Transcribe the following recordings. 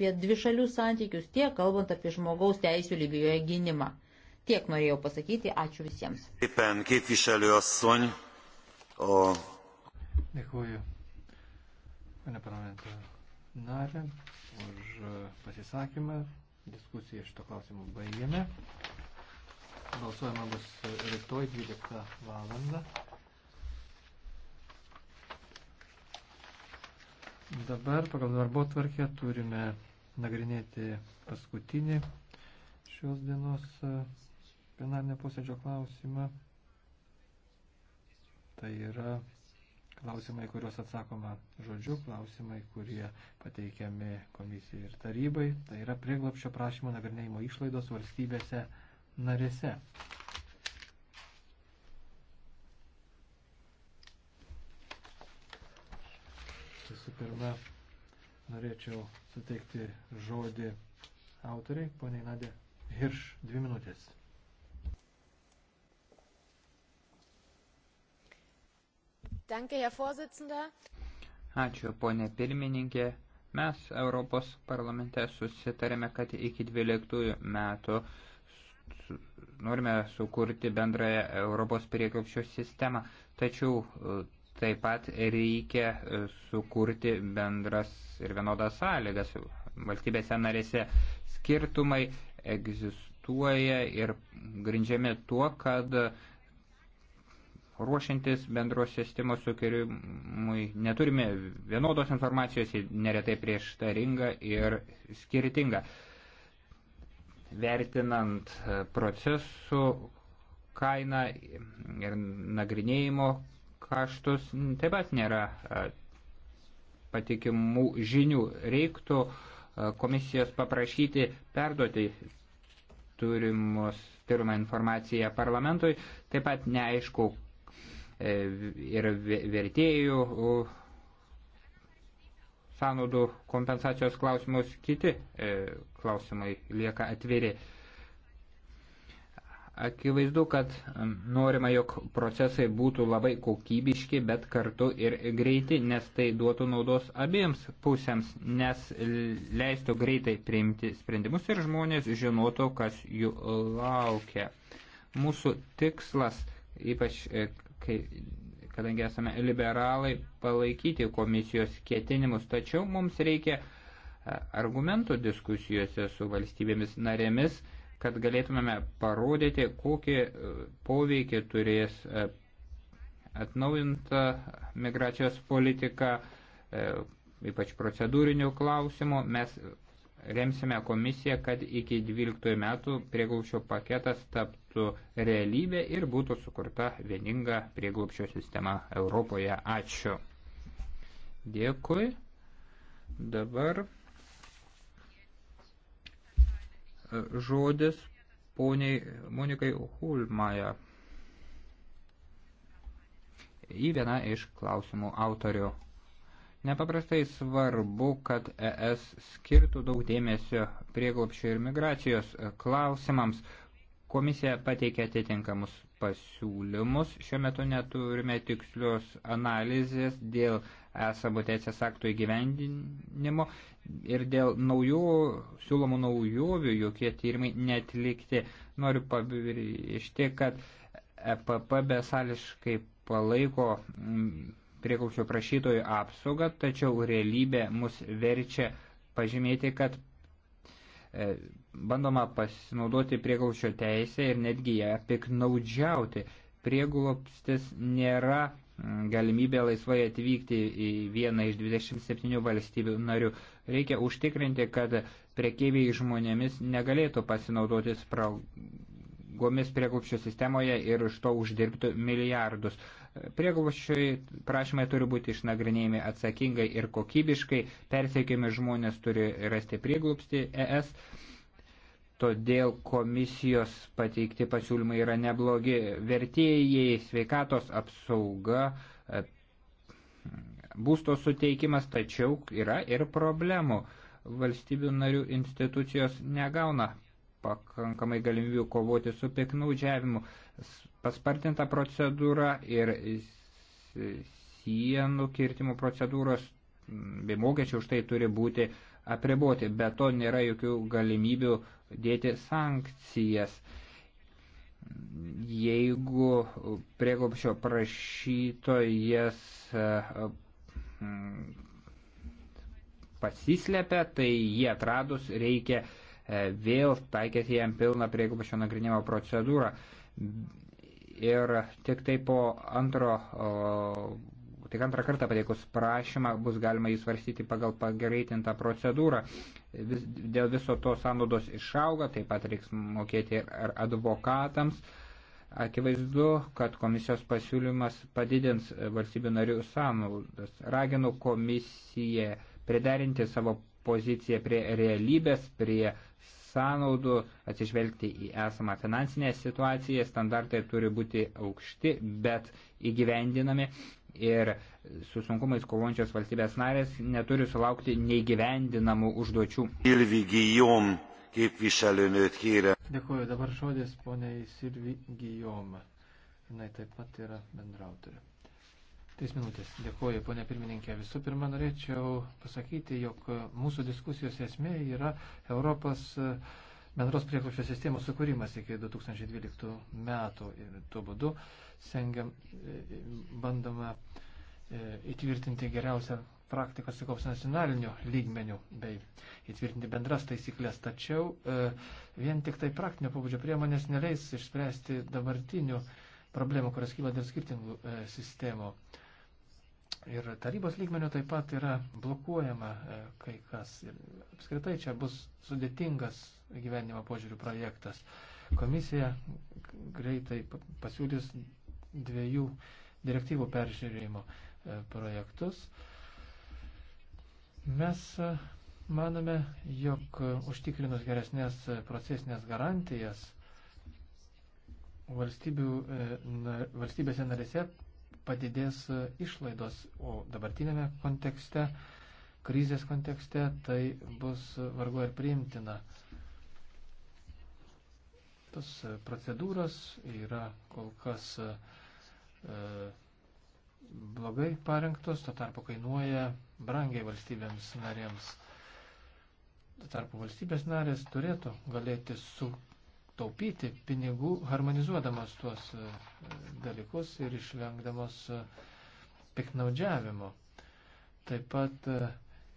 apie dvišalius santykius, tiek kalbant apie žmogaus teisų Libijoje gynimą. Tiek norėjau pasakyti, ačiū visiems. Dėkuoju, pane parlamento narė, už e, pasisakymą. Diskusiją šito klausimu baigėme. Balsuojama bus rytoj 12 valandą. Dabar pagal darbo tvarkę turime nagrinėti paskutinį šios dienos e, plenarinio posėdžio klausimą. Tai yra klausimai, kuriuos atsakoma žodžiu, klausimai, kurie pateikiami komisijai ir tarybai. Tai yra prieglapščio prašymo nagrinėjimo išlaidos valstybėse narėse. Visų pirma, norėčiau suteikti žodį autoriai, poniai Nadė Hirš, dvi minutės. Danke, Herr Vorsitzender. Ačiū, ponė pirmininkė. Mes Europos parlamente susitarėme, kad iki 12 metų norime sukurti bendrąją Europos priekiopščio sistemą, tačiau Taip pat reikia e, sukurti bendras ir vienodas sąlygas valstybėse narėse. Skirtumai egzistuoja ir grindžiami tuo, kad ruošiantis bendros sistemos sukėlimui neturime vienodos informacijos, neretai prieštaringa ir skirtinga. Vertinant e, procesų kainą ir nagrinėjimo kaštus, taip pat nėra e, patikimų žinių. Reiktų e, komisijos paprašyti perduoti turimus, turimą informaciją parlamentui, taip pat neaišku e, ir vertėjų sąnaudų kompensacijos klausimus, kiti klausimai lieka atviri. Akivaizdu, kad norima, jog procesai būtų labai kokybiški, bet kartu ir greiti, nes tai duotų naudos abiems pusėms, nes leistų greitai priimti sprendimus ir žmonės žinotų, kas jų laukia. Mūsų tikslas, ypač e, kai, kadangi esame liberalai, palaikyti komisijos ketinimus, tačiau mums reikia e, argumentų diskusijose su valstybėmis narėmis kad galėtumėme parodyti, kokį e, poveikį turės e, atnaujinta migracijos politika, e, ypač procedūrinių klausimų. Mes remsime komisiją, kad iki 12 metų prieglupščio paketas taptų realybė ir būtų sukurta vieninga prieglupščio sistema Europoje. Ačiū. Dėkui. Dabar žodis poniai Monikai Hulmaja į vieną iš klausimų autorių. Nepaprastai svarbu, kad ES skirtų daug dėmesio prieglopščio ir migracijos klausimams. Komisija pateikė atitinkamus pasiūlymus. Šiuo metu neturime tikslios analizės dėl esamų teisės aktų įgyvendinimo ir dėl naujų, siūlomų naujovių jokie tyrimai netlikti. Noriu pabrėžti, kad EPP besališkai palaiko mm, prieklaušio prašytojų apsaugą, tačiau realybė mus verčia pažymėti, kad e, bandoma pasinaudoti prieglaušio teisę ir netgi ją piknaudžiauti. Prieglopstis nėra galimybę laisvai atvykti į vieną iš 27 valstybių narių. Reikia užtikrinti, kad prekeiviai žmonėmis negalėtų pasinaudoti spragomis prieglupščio sistemoje ir iš to uždirbtų milijardus. Prieglupščiai prašymai turi būti išnagrinėjami atsakingai ir kokybiškai, persiekiami žmonės turi rasti prieglupsti ES todėl komisijos pateikti pasiūlymai yra neblogi. Vertėjai, sveikatos apsauga, e, būsto suteikimas, tačiau yra ir problemų. Valstybių narių institucijos negauna pakankamai galimybių kovoti su piknaudžiavimu. Paspartinta procedūra ir sienų kirtimo procedūros bei mokesčių už tai turi būti apriboti. Be to nėra jokių galimybių uh, dėti sankcijas. Jeigu prieglobšio prašytojas e, mm, pasislepia, tai jį atradus reikia e, vėl taikyti jam pilną prieglobšio nagrinimo procedūrą. Ir tik tai po antro, tik antrą kartą pateikus prašymą bus galima jį svarstyti pagal pagreitintą procedūrą vis, dėl viso to sąnaudos išauga, taip pat reiks mokėti ir advokatams. Akivaizdu, kad komisijos pasiūlymas padidins valstybių narių sąnaudas. Raginu komisiją priderinti savo poziciją prie realybės, prie sąnaudų, atsižvelgti į esamą finansinę situaciją. Standartai turi būti aukšti, bet įgyvendinami ir su sunkumais kovojančios valstybės narės neturi sulaukti neįgyvendinamų užduočių. Ilvigijom, kaip višalinėt kyrę. Dėkuoju, dabar žodis poniai Silvigijom. Jis taip pat yra bendrautorė. Tris minutės. Dėkuoju, ponė pirmininkė. Visų pirma, norėčiau pasakyti, jog mūsų diskusijos esmė yra Europos e, bendros prieklopščio sistemos sukūrimas iki 2012 metų ir tuo būdu sengiam, e, e, bandoma e, įtvirtinti geriausią praktiką sukaus nacionaliniu lygmeniu bei įtvirtinti bendras taisyklės. Tačiau vien tik tai praktinio pobūdžio priemonės neleis išspręsti dabartinių problemų, kurios kyla dėl skirtingų sistemų. Ir tarybos lygmenių taip pat yra blokuojama kai kas. Ir apskritai čia bus sudėtingas gyvenimo požiūrių projektas. Komisija greitai pasiūlys dviejų direktyvų peržiūrėjimo e, projektus. Mes e, manome, jog užtikrinus geresnės e, procesinės garantijas valstybėse narėse padidės išlaidos, o dabartinėme kontekste, krizės kontekste, tai bus vargu ir priimtina. Tos procedūros yra kol kas uh, E, blogai parengtos, to tarpu kainuoja brangiai valstybėms narėms. Tuo tarpu valstybės narės turėtų galėti sutaupyti pinigų, harmonizuodamas tuos e, dalykus ir išvengdamas e, piknaudžiavimo. Taip pat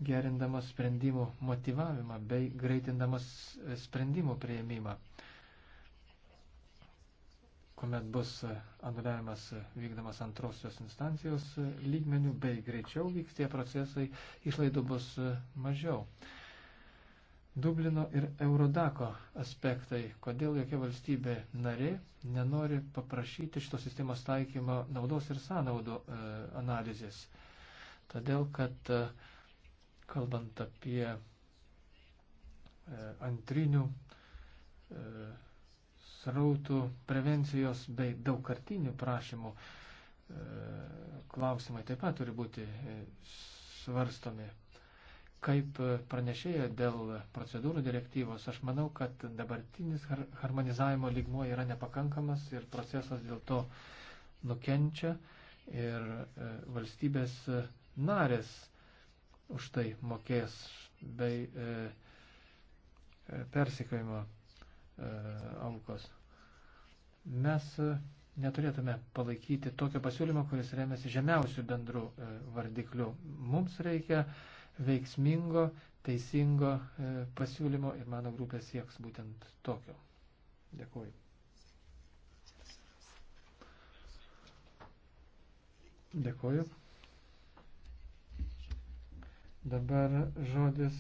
gerindamas sprendimų motivavimą bei greitindamas sprendimų prieimimą kuomet bus anuliavimas vykdamas antrosios instancijos lygmenių, bei greičiau vyks tie procesai, išlaidų bus mažiau. Dublino ir Eurodako aspektai, kodėl jokia valstybė narė nenori paprašyti šitos sistemos taikymo naudos ir sąnaudų e, analizės. Todėl, kad e, kalbant apie e, antrinių e, srautų prevencijos bei daugkartinių prašymų e, klausimai taip pat turi būti e, svarstomi. Kaip pranešėja dėl procedūrų direktyvos, aš manau, kad dabartinis harmonizavimo lygmuo yra nepakankamas ir procesas dėl to nukenčia ir e, valstybės narės už tai mokės bei persikojimo E, aukos. Mes e, neturėtume palaikyti tokio pasiūlymo, kuris remiasi žemiausių bendrų e, vardiklių. Mums reikia veiksmingo, teisingo pasiūlymo ir mano grupė sieks būtent tokio. Dėkuoju. Dėkuoju. Dabar žodis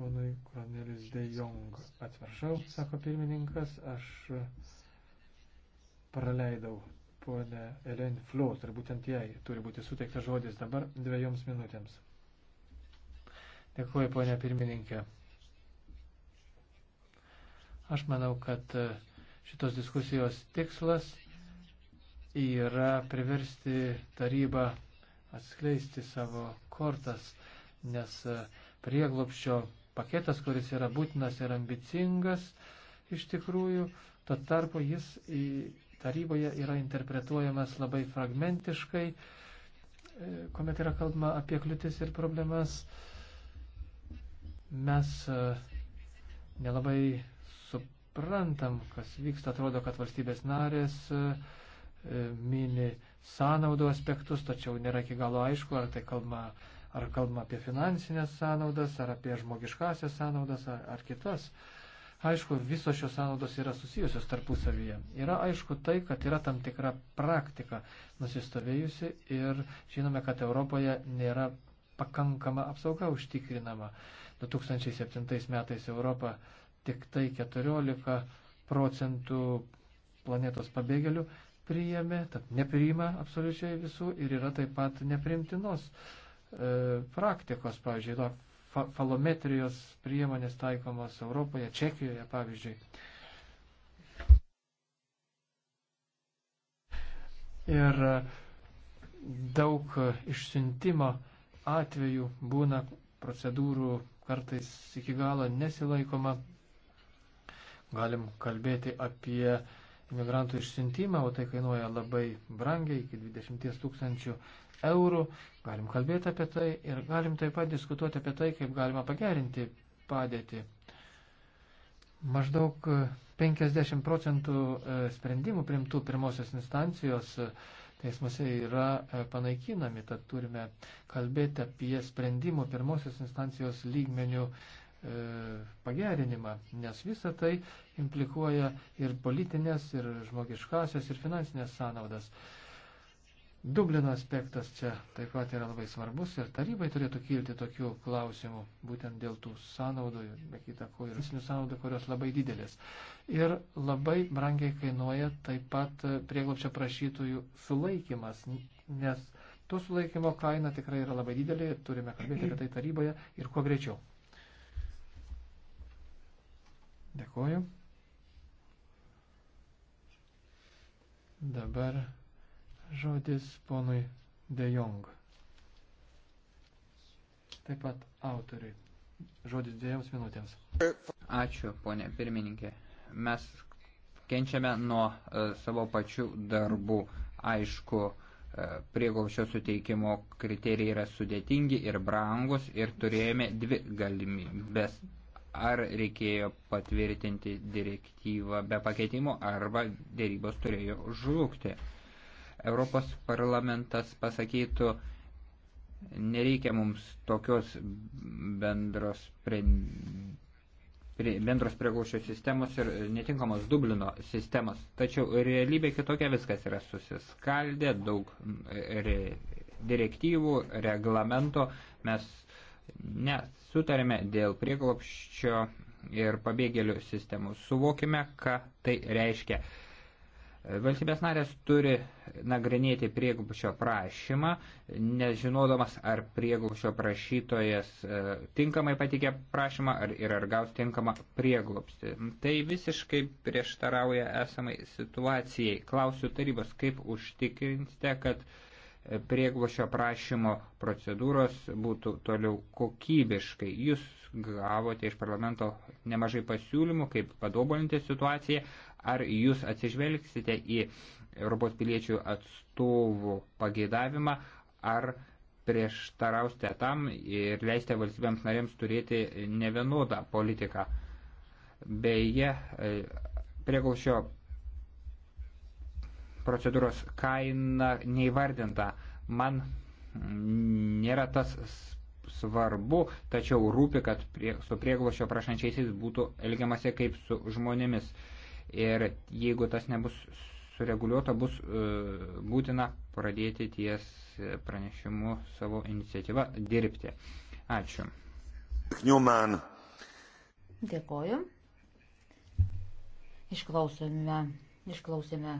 ponui Kornelis De Jong. Atsiprašau, sako pirmininkas, aš praleidau ponę Elen Flot ir būtent jai turi būti suteiktas žodis dabar dviejoms minutėms. Dėkuoju, ponė pirmininkė. Aš manau, kad e, šitos diskusijos tikslas yra priversti tarybą atskleisti savo kortas, nes e, prieglopščio paketas, kuris yra būtinas ir ambicingas iš tikrųjų, tuo tarpu jis taryboje yra interpretuojamas labai fragmentiškai, e, kuomet yra kalbama apie kliūtis ir problemas. Mes e, nelabai suprantam, kas vyksta, atrodo, kad valstybės narės e, mini sąnaudų aspektus, tačiau nėra iki galo aišku, ar tai kalba Ar kalbam apie finansinės sąnaudas, ar apie žmogiškasias sąnaudas, ar, ar kitas. Aišku, visos šios sąnaudos yra susijusios tarpusavyje. Yra aišku tai, kad yra tam tikra praktika nusistovėjusi ir žinome, kad Europoje nėra pakankama apsauga užtikrinama. 2007 metais Europą tik tai 14 procentų planetos pabėgėlių priėmė, tad nepriima absoliučiai visų ir yra taip pat neprimtinos E, praktikos, pavyzdžiui, yra fa falometrijos priemonės taikomos Europoje, Čekijoje, pavyzdžiui. Ir daug išsiuntimo atvejų būna procedūrų kartais iki galo nesilaikoma. Galim kalbėti apie imigrantų išsiuntimą, o tai kainuoja labai brangiai, iki 20 tūkstančių eurų. Galim kalbėti apie tai ir galim taip pat diskutuoti apie tai, kaip galima pagerinti padėtį. Maždaug 50 e, procentų e, sprendimų primtų pirmosios instancijos e, teismuose yra panaikinami, tad turime kalbėti apie sprendimų pirmosios instancijos lygmenių pagerinimą, nes visa tai implikuoja ir politinės, ir žmogiškasios, ir finansinės sąnaudas. Dublino aspektas čia taip pat yra labai svarbus ir tarybai turėtų kilti tokių klausimų, būtent dėl tų sąnaudų, be kita ko, ir asmenių sąnaudų, kurios labai didelės. Ir labai brangiai kainuoja taip pat prieglopčio prašytojų sulaikimas, nes to sulaikimo kaina tikrai yra labai didelė ir turime kalbėti apie tai taryboje ir kuo greičiau. Dėkuoju. Dabar Žodis ponui De Jong. Taip pat autoriui. Žodis dviejoms minutėms. Ačiū, ponė pirmininkė. Mes kenčiame nuo uh, savo pačių darbų. Aišku, uh, e, prieglaušio suteikimo kriterijai yra sudėtingi ir brangus ir turėjome dvi galimybės. Ar reikėjo patvirtinti direktyvą be pakeitimo, arba dėrybos turėjo žlugti. Uh, Europos parlamentas pasakytų, nereikia mums tokios bendros, pre, pre, bendros priegaušio sistemos ir netinkamos Dublino sistemos. Tačiau realybė kitokia viskas yra susiskaldę, daug e, re, direktyvų, reglamento. Mes nesutarėme dėl prieglopščio ir pabėgėlių sistemų. Suvokime, ką tai reiškia. Valstybės narės turi nagrinėti prieglobščio prašymą, nežinodamas, ar prieglobščio prašytojas e, tinkamai patikė prašymą ar, ir ar gaus tinkamą prieglobstį. Tai visiškai prieštarauja esamai situacijai. Klausiu tarybos, kaip užtikrinsite, kad e, prieglobščio prašymo procedūros būtų toliau kokybiškai. Jūs gavote iš parlamento nemažai pasiūlymų, kaip padobulinti situaciją. Ar jūs atsižvelgsite į Europos piliečių atstovų pageidavimą, ar prieštarausite tam ir leisite valstybėms narėms turėti nevienodą politiką? Beje, prieglaušio procedūros kaina neįvardinta. Man nėra tas svarbu, tačiau rūpi, kad prie, su prieglošio prašančiaisiais būtų elgiamasi kaip su žmonėmis. Uh, ir jeigu tas nebus sureguliuota, bus e, būtina pradėti ties pranešimu savo iniciatyvą dirbti. Ačiū. Newman. Dėkoju. Išklausome, išklausėme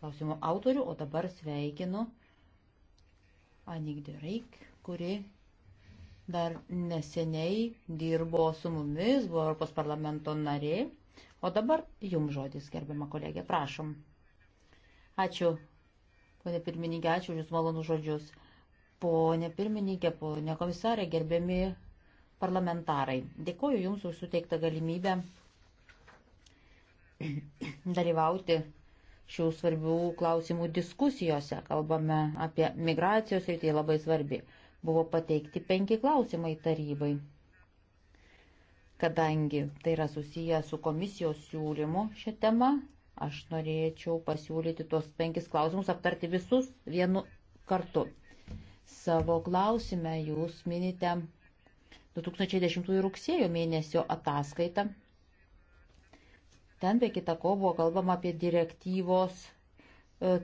klausimų autorių, o dabar sveikinu Anigdi Reik, kuri dar neseniai dirbo su mumis, buvo Europos parlamento narė. O dabar jums žodis, gerbiama kolegė, prašom. Ačiū, ponė pirmininkė, ačiū už jūs malonų žodžius. Ponė pirmininkė, ponė komisarė, gerbiami parlamentarai, dėkoju jums už suteiktą galimybę dalyvauti šių svarbių klausimų diskusijose. Kalbame apie migracijos ir tai labai svarbi. Buvo pateikti penki klausimai tarybai kadangi tai yra susiję su komisijos siūlymu šią temą, aš norėčiau pasiūlyti tuos penkis klausimus, aptarti visus vienu kartu. Savo klausime jūs minite 2010 rugsėjo mėnesio ataskaitą. Ten be kita ko buvo kalbama apie direktyvos e,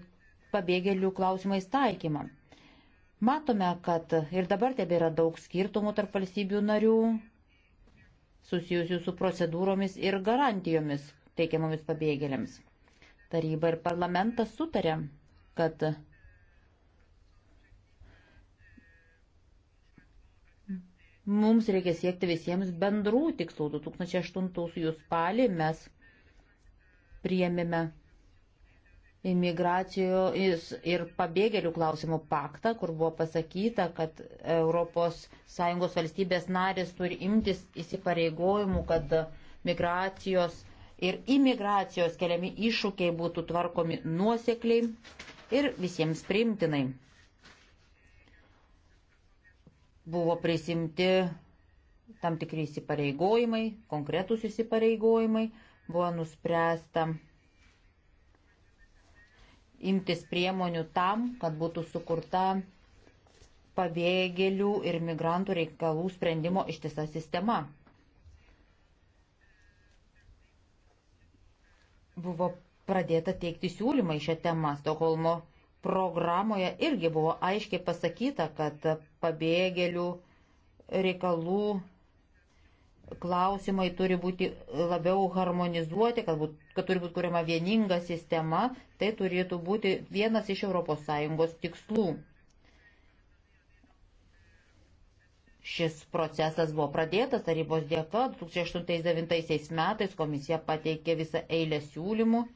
pabėgėlių klausimais taikymą. Matome, kad ir dabar tebėra daug skirtumų tarp valstybių narių, susijusių su procedūromis ir garantijomis teikiamomis pabėgėliams. Taryba ir parlamentas sutarė, kad mums reikia siekti visiems bendrų tikslų. 2008 spalį mes priėmėme imigracijos ir pabėgėlių klausimų paktą, kur buvo pasakyta, kad ES valstybės narės turi imtis įsipareigojimų, kad migracijos ir imigracijos keliami iššūkiai būtų tvarkomi nuosekliai ir visiems priimtinai. Buvo prisimti tam tikri įsipareigojimai, konkretūs įsipareigojimai, buvo nuspręsta imtis priemonių tam, kad būtų sukurta pabėgėlių ir migrantų reikalų sprendimo ištisa sistema. Buvo pradėta teikti siūlymai šią temą Stokholmo programoje irgi buvo aiškiai pasakyta, kad pabėgėlių reikalų klausimai turi būti labiau harmonizuoti, kad, būt, kad turi būti kuriama vieninga sistema, tai turėtų būti vienas iš ES tikslų. Šis procesas buvo pradėtas tarybos dėka, 2008-2009 metais komisija pateikė visą eilę siūlymų e,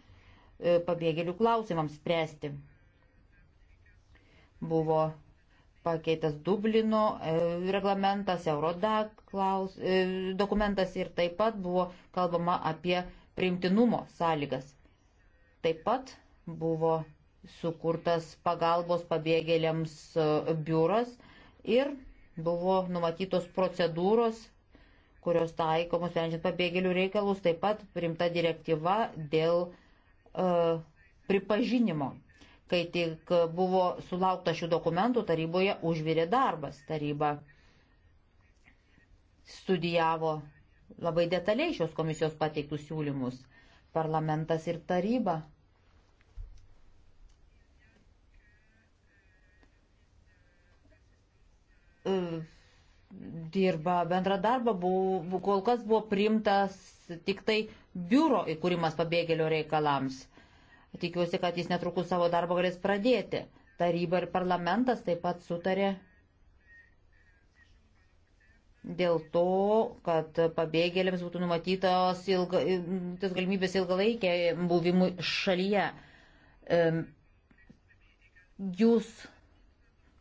pabėgėlių klausimams spręsti. Buvo pakeitas Dublino e, reglamentas, Eurodak klaus, e, dokumentas ir taip pat buvo kalbama apie priimtinumo sąlygas. Taip pat buvo sukurtas pagalbos pabėgėliams e, biuras ir buvo numatytos procedūros, kurios taikomos sprendžiant pabėgėlių reikalus, taip pat primta direktyva dėl e, pripažinimo Kai tik buvo sulaukta šių dokumentų, taryboje užvirė darbas. Taryba studijavo labai detaliai šios komisijos pateiktus siūlymus. Parlamentas ir taryba. Dirba bendrą darbą, buvo, kol kas buvo primtas tik tai biuro įkūrimas pabėgėlio reikalams Tikiuosi, kad jis netrukus savo darbą galės pradėti. Taryba ir parlamentas taip pat sutarė dėl to, kad pabėgėliams būtų numatytos ilga, tas galimybės ilgalaikė buvimui šalyje. Jūs,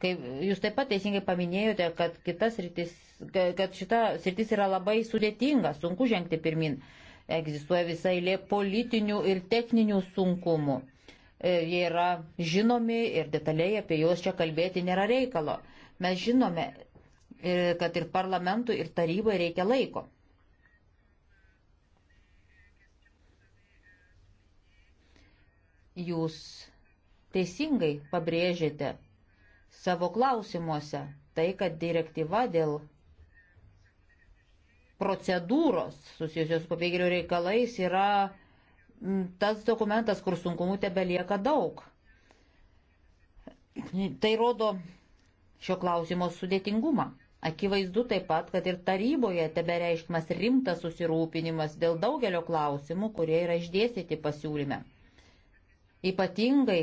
kaip, jūs taip pat teisingai paminėjote, kad, kitas rytis, kad šita sritis yra labai sudėtinga, sunku žengti pirmin egzistuoja visai lė politinių ir techninių sunkumų. E, jie yra žinomi ir detaliai apie juos čia kalbėti nėra reikalo. Mes žinome, e, kad ir parlamentui, ir tarybai reikia laiko. Jūs teisingai pabrėžėte savo klausimuose tai, kad direktyva dėl procedūros susijusios su pabėgėlių reikalais yra mm, tas dokumentas, kur sunkumų tebe lieka daug. Tai rodo šio klausimo sudėtingumą. Akivaizdu taip pat, kad ir taryboje tebe reiškimas rimtas susirūpinimas dėl daugelio klausimų, kurie yra išdėstyti pasiūlyme. Ypatingai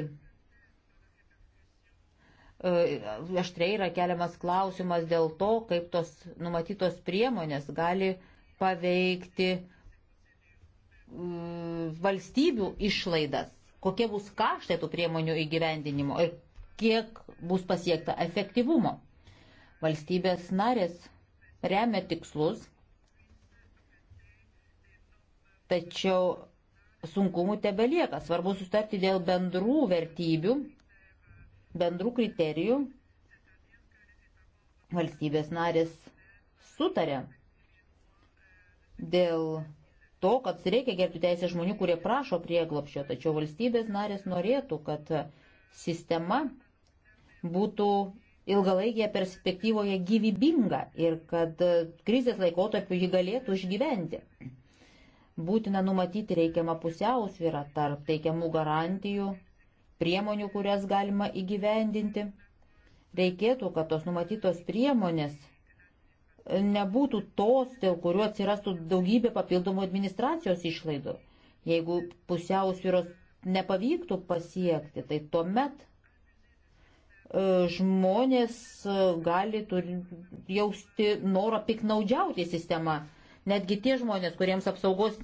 E, aštrai yra keliamas klausimas dėl to, kaip tos numatytos priemonės gali paveikti e, valstybių išlaidas, kokie bus kaštai tų priemonių įgyvendinimo ir kiek bus pasiekta efektyvumo. Valstybės narės remia tikslus, tačiau sunkumų tebelieka. Svarbu sustarti dėl bendrų vertybių bendrų kriterijų valstybės narės sutarė dėl to, kad reikia gerbti teisę žmonių, kurie prašo prieglopščio, tačiau valstybės narės norėtų, kad sistema būtų ilgalaikėje perspektyvoje gyvybinga ir kad krizės laikotarpiu ji galėtų išgyventi. Būtina numatyti reikiamą pusiausvyrą tarp teikiamų garantijų priemonių, kurias galima įgyvendinti. Reikėtų, kad tos numatytos priemonės nebūtų tos, dėl kurių atsirastų daugybė papildomų administracijos išlaidų. Jeigu pusiausvyros nepavyktų pasiekti, tai tuomet e, žmonės e, gali turi, jausti norą piknaudžiauti sistemą. Netgi tie žmonės, kuriems apsaugos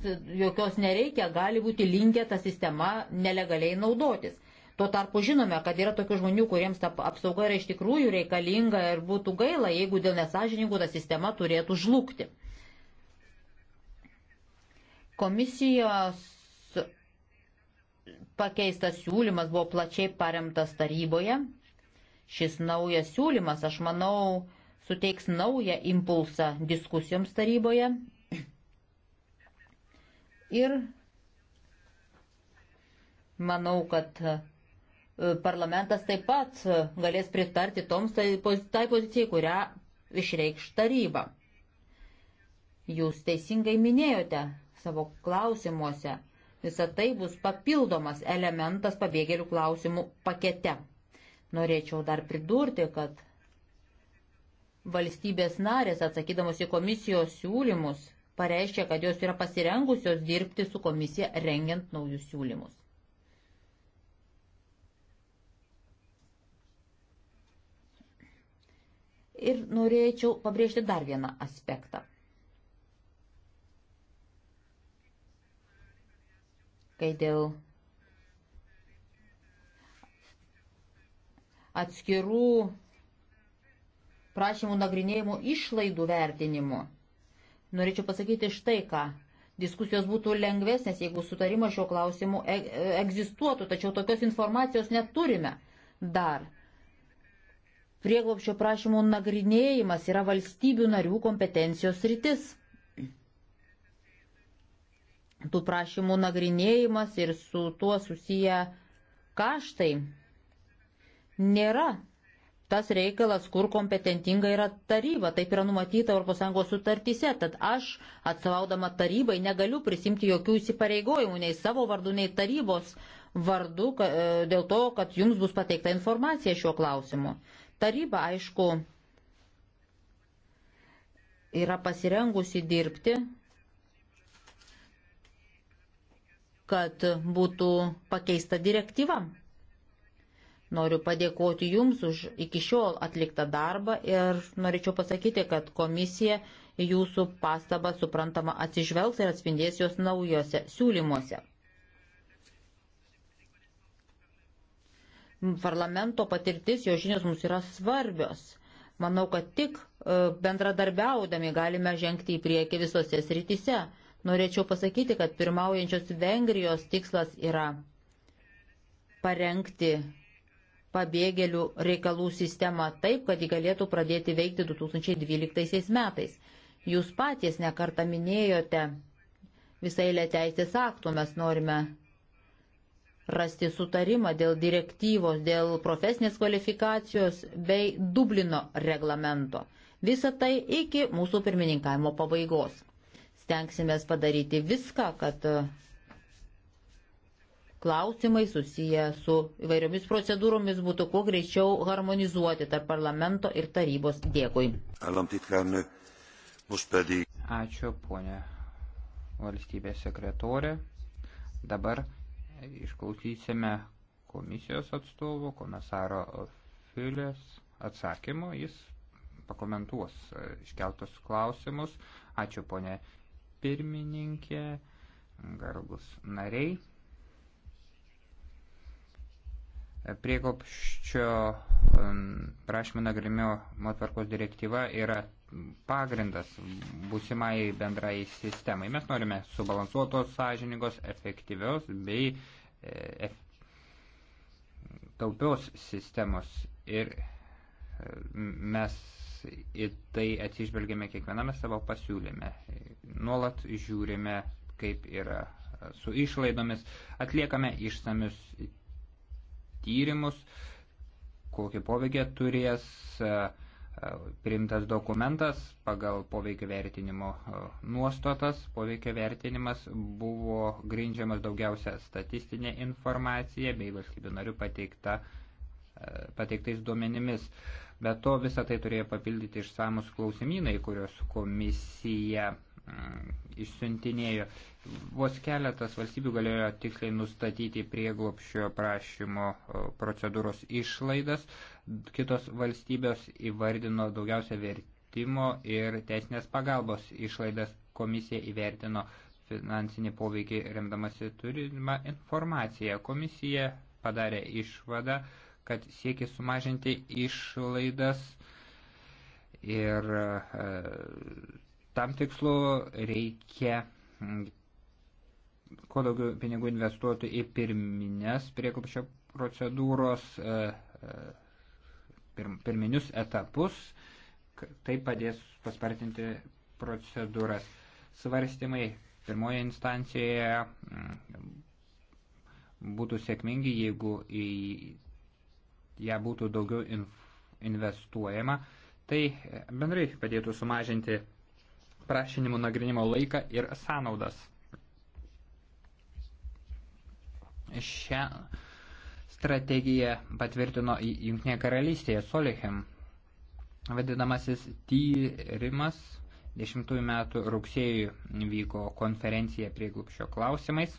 jokios nereikia, gali būti linkę tą sistemą nelegaliai naudotis. Tuo tarpu žinome, kad yra tokių žmonių, kuriems ta apsauga yra iš tikrųjų reikalinga ir būtų gaila, jeigu dėl nesažininkų ta sistema turėtų žlugti. Komisijos pakeistas siūlymas buvo plačiai paremtas taryboje. Šis naujas siūlymas, aš manau, suteiks naują impulsą diskusijoms taryboje. Ir manau, kad parlamentas taip pat e, galės pritarti toms tai, tai pozicijai, kurią išreikš taryba. Jūs teisingai minėjote savo klausimuose, visa tai bus papildomas elementas pabėgėlių klausimų pakete. Norėčiau dar pridurti, kad valstybės narės atsakydamos į komisijos siūlymus pareiškia, kad jos yra pasirengusios dirbti su komisija rengiant naujus siūlymus. Ir norėčiau pabrėžti dar vieną aspektą. Kai dėl atskirų prašymų nagrinėjimų išlaidų vertinimo. Norėčiau pasakyti štai ką. Diskusijos būtų lengvesnės, jeigu sutarimas šio klausimu e, e, egzistuotų, tačiau tokios informacijos neturime dar. Prieglopščio prašymų nagrinėjimas yra valstybių narių kompetencijos rytis. Tų prašymų nagrinėjimas ir su tuo susiję kaštai nėra tas reikalas, kur kompetentinga yra taryba. Taip yra numatyta ES sutartyse. Tad aš, atstovaudama tarybai, negaliu prisimti jokių įsipareigojimų nei savo vardu, nei tarybos vardu e, dėl to, kad jums bus pateikta informacija šiuo klausimu. Taryba, aišku, yra pasirengusi dirbti, kad būtų pakeista direktyva. Noriu padėkoti Jums už iki šiol atliktą darbą ir norėčiau pasakyti, kad komisija Jūsų pastabą suprantama atsižvelgs ir atspindės jos naujose siūlymuose. Parlamento patirtis, jo žinios mums yra svarbios. Manau, kad tik e, bendradarbiaudami galime žengti į priekį visose srityse. Norėčiau pasakyti, kad pirmaujančios Vengrijos tikslas yra parengti pabėgėlių reikalų sistemą taip, kad ji galėtų pradėti veikti 2012 metais. Jūs patys nekartą minėjote visai lėteisės aktų, mes norime rasti sutarimą dėl direktyvos, dėl profesinės kvalifikacijos bei Dublino reglamento. Visą tai iki mūsų pirmininkavimo pabaigos. Stengsimės padaryti viską, kad e, klausimai susiję su įvairiomis procedūromis būtų kuo greičiau harmonizuoti tarp parlamento ir tarybos. Dėkui. Ačiū, ponė valstybės sekretorė. Dabar išklausysime komisijos atstovo, komisaro Filės atsakymo. Jis pakomentuos e, iškeltus klausimus. Ačiū ponė pirmininkė, garbus nariai. E, priekopščio prašymą nagrimio motvarkos direktyva yra pagrindas būsimai bendrai sistemai. Mes norime subalansuotos, sąžiningos, efektyvios bei e, taupios sistemos ir e, mes į tai atsižvelgiame kiekviename savo pasiūlyme. Nuolat žiūrime, kaip yra su išlaidomis, atliekame išsamius tyrimus, kokį poveikį turės uh, priimtas dokumentas pagal poveikio vertinimo e, nuostatas. Poveikio vertinimas buvo grindžiamas daugiausia statistinė informacija bei valstybių narių pateikta, e, pateiktais duomenimis. Be to visą tai turėjo papildyti išsamus klausimynai, kurios komisija mm, išsiuntinėjo. Vos keletas valstybių galėjo tiksliai nustatyti prieglopšio prašymo e, procedūros išlaidas, Kitos valstybės įvardino daugiausia vertimo ir teisinės pagalbos išlaidas. Komisija įvertino finansinį poveikį remdamasi turimą informaciją. Komisija padarė išvadą, kad siekia sumažinti išlaidas ir e, tam tikslu reikia kuo daugiau pinigų investuoti į pirminės prieklapšio procedūros e, e, pirminius etapus, tai padės paspartinti procedūras. Svarstymai pirmoje instancijoje mm, būtų sėkmingi, jeigu į ją būtų daugiau investuojama. Tai e, bendrai padėtų sumažinti prašinimų nagrinimo laiką ir sąnaudas. Šią strategiją patvirtino Junktinė karalystėje Solihim. Vadinamasis tyrimas 10 metų rugsėjų vyko konferencija prieglupščio klausimais.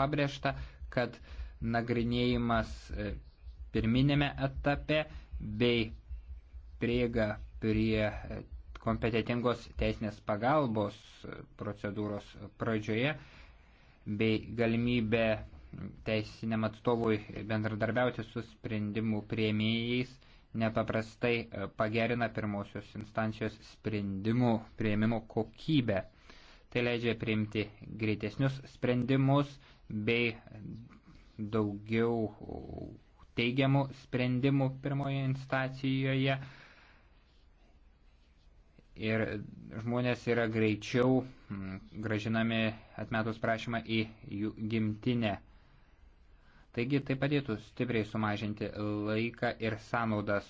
Pabrėžta, kad nagrinėjimas e, pirminėme etape bei prieiga prie e, kompetitingos teisinės pagalbos e, procedūros pradžioje bei galimybė teisiniam atstovui bendradarbiauti su sprendimų prieimėjais nepaprastai e, pagerina pirmosios instancijos sprendimų prieimimo kokybę. Tai leidžia priimti greitesnius sprendimus bei daugiau teigiamų sprendimų pirmoje instacijoje ir žmonės yra greičiau gražinami atmetus prašymą į jų gimtinę. Taigi tai padėtų stipriai sumažinti laiką ir sąnaudas,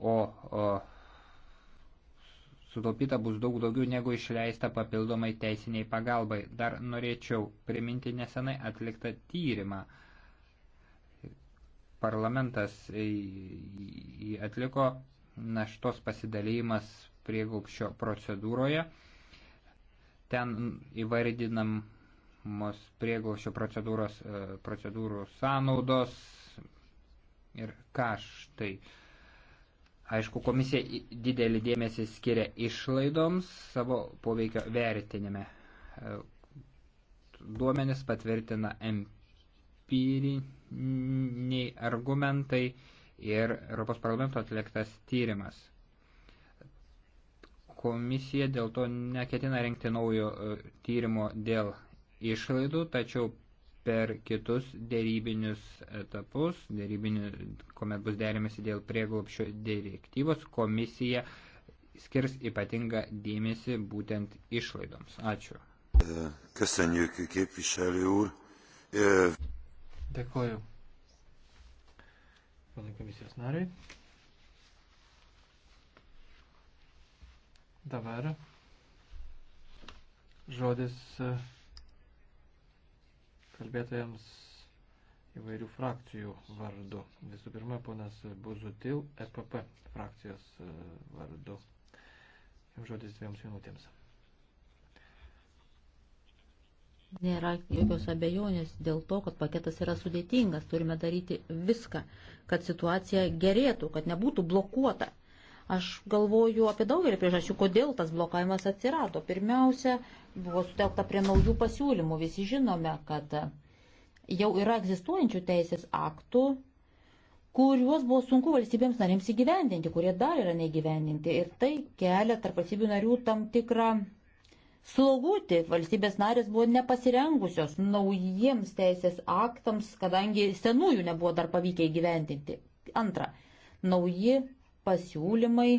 o, o sutaupyta bus daug daugiau negu išleista papildomai teisiniai pagalbai. Dar norėčiau priminti nesenai atliktą tyrimą. Parlamentas jį atliko naštos pasidalymas prieglupščio procedūroje. Ten įvardinam mus prieglaušio procedūros, e, procedūrų sąnaudos ir kaštai. Aišku, komisija didelį dėmesį skiria išlaidoms savo poveikio vertinime. E, duomenis patvirtina empiriniai argumentai ir Europos parlamento atliktas tyrimas. Komisija dėl to neketina renkti naujo e, tyrimo dėl išlaidų, tačiau per kitus dėrybinius etapus, dėrybinių, kuomet bus derimasi dėl prieglopščio direktyvos, komisija skirs ypatingą dėmesį būtent išlaidoms. Ačiū. Köszönjük, képviselő úr. Dėkoju. Pana komisijos nariui. Dabar žodis uh, kalbėtojams įvairių frakcijų vardu. Visų pirma, ponas Buzutil, EPP frakcijos e, vardu. Jums žodis dviems minutėms. Nėra jokios abejonės dėl to, kad paketas yra sudėtingas. Turime daryti viską, kad situacija gerėtų, kad nebūtų blokuota. Aš galvoju apie daugelį priežasčių, kodėl tas blokavimas atsirado. Pirmiausia, buvo sutelkta prie naujų pasiūlymų. Visi žinome, kad jau yra egzistuojančių teisės aktų, kuriuos buvo sunku valstybėms narėms įgyvendinti, kurie dar yra neįgyvendinti. Ir tai kelia tarp valstybių narių tam tikrą slaugutį. Valstybės narės buvo nepasirengusios naujiems teisės aktams, kadangi senųjų nebuvo dar pavykę įgyvendinti. Antra, nauji pasiūlymai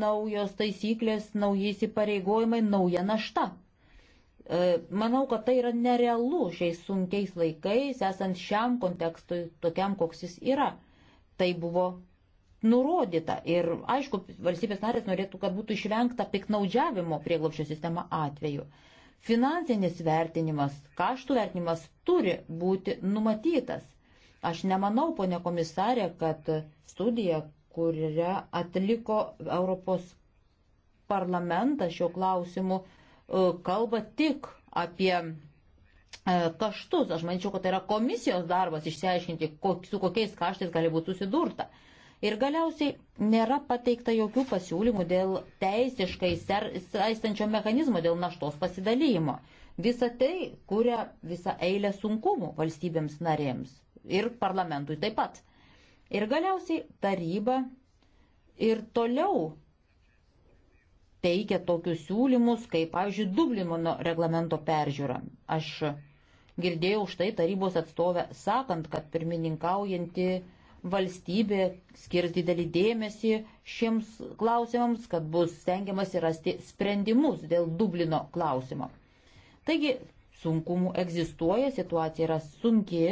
naujos taisyklės, nauji įsipareigojimai, nauja našta. E, manau, kad tai yra nerealu šiais sunkiais laikais, esant šiam kontekstui, tokiam, koks jis yra. Tai buvo nurodyta ir, aišku, valstybės narės norėtų, kad būtų išvengta piknaudžiavimo prieglopščio sistema atveju. Finansinis vertinimas, kaštų vertinimas turi būti numatytas. Aš nemanau, ponė komisarė, kad studija, kurią atliko Europos parlamentas šiuo klausimu, e, kalba tik apie e, kaštus. Aš manyčiau, kad tai yra komisijos darbas išsiaiškinti, su kokiais kaštais gali būti susidurta. Ir galiausiai nėra pateikta jokių pasiūlymų dėl teisiškai saistančio mechanizmo, dėl naštos pasidalymo. Visa tai kuria visą eilę sunkumų valstybėms narėms ir parlamentui taip pat. Ir galiausiai taryba ir toliau teikia tokius siūlymus, kaip, pavyzdžiui, Dublino reglamento peržiūra. Aš girdėjau štai tarybos atstovę sakant, kad pirmininkaujanti valstybė skirs didelį dėmesį šiems klausimams, kad bus stengiamasi rasti sprendimus dėl Dublino klausimo. Taigi sunkumų egzistuoja, situacija yra sunki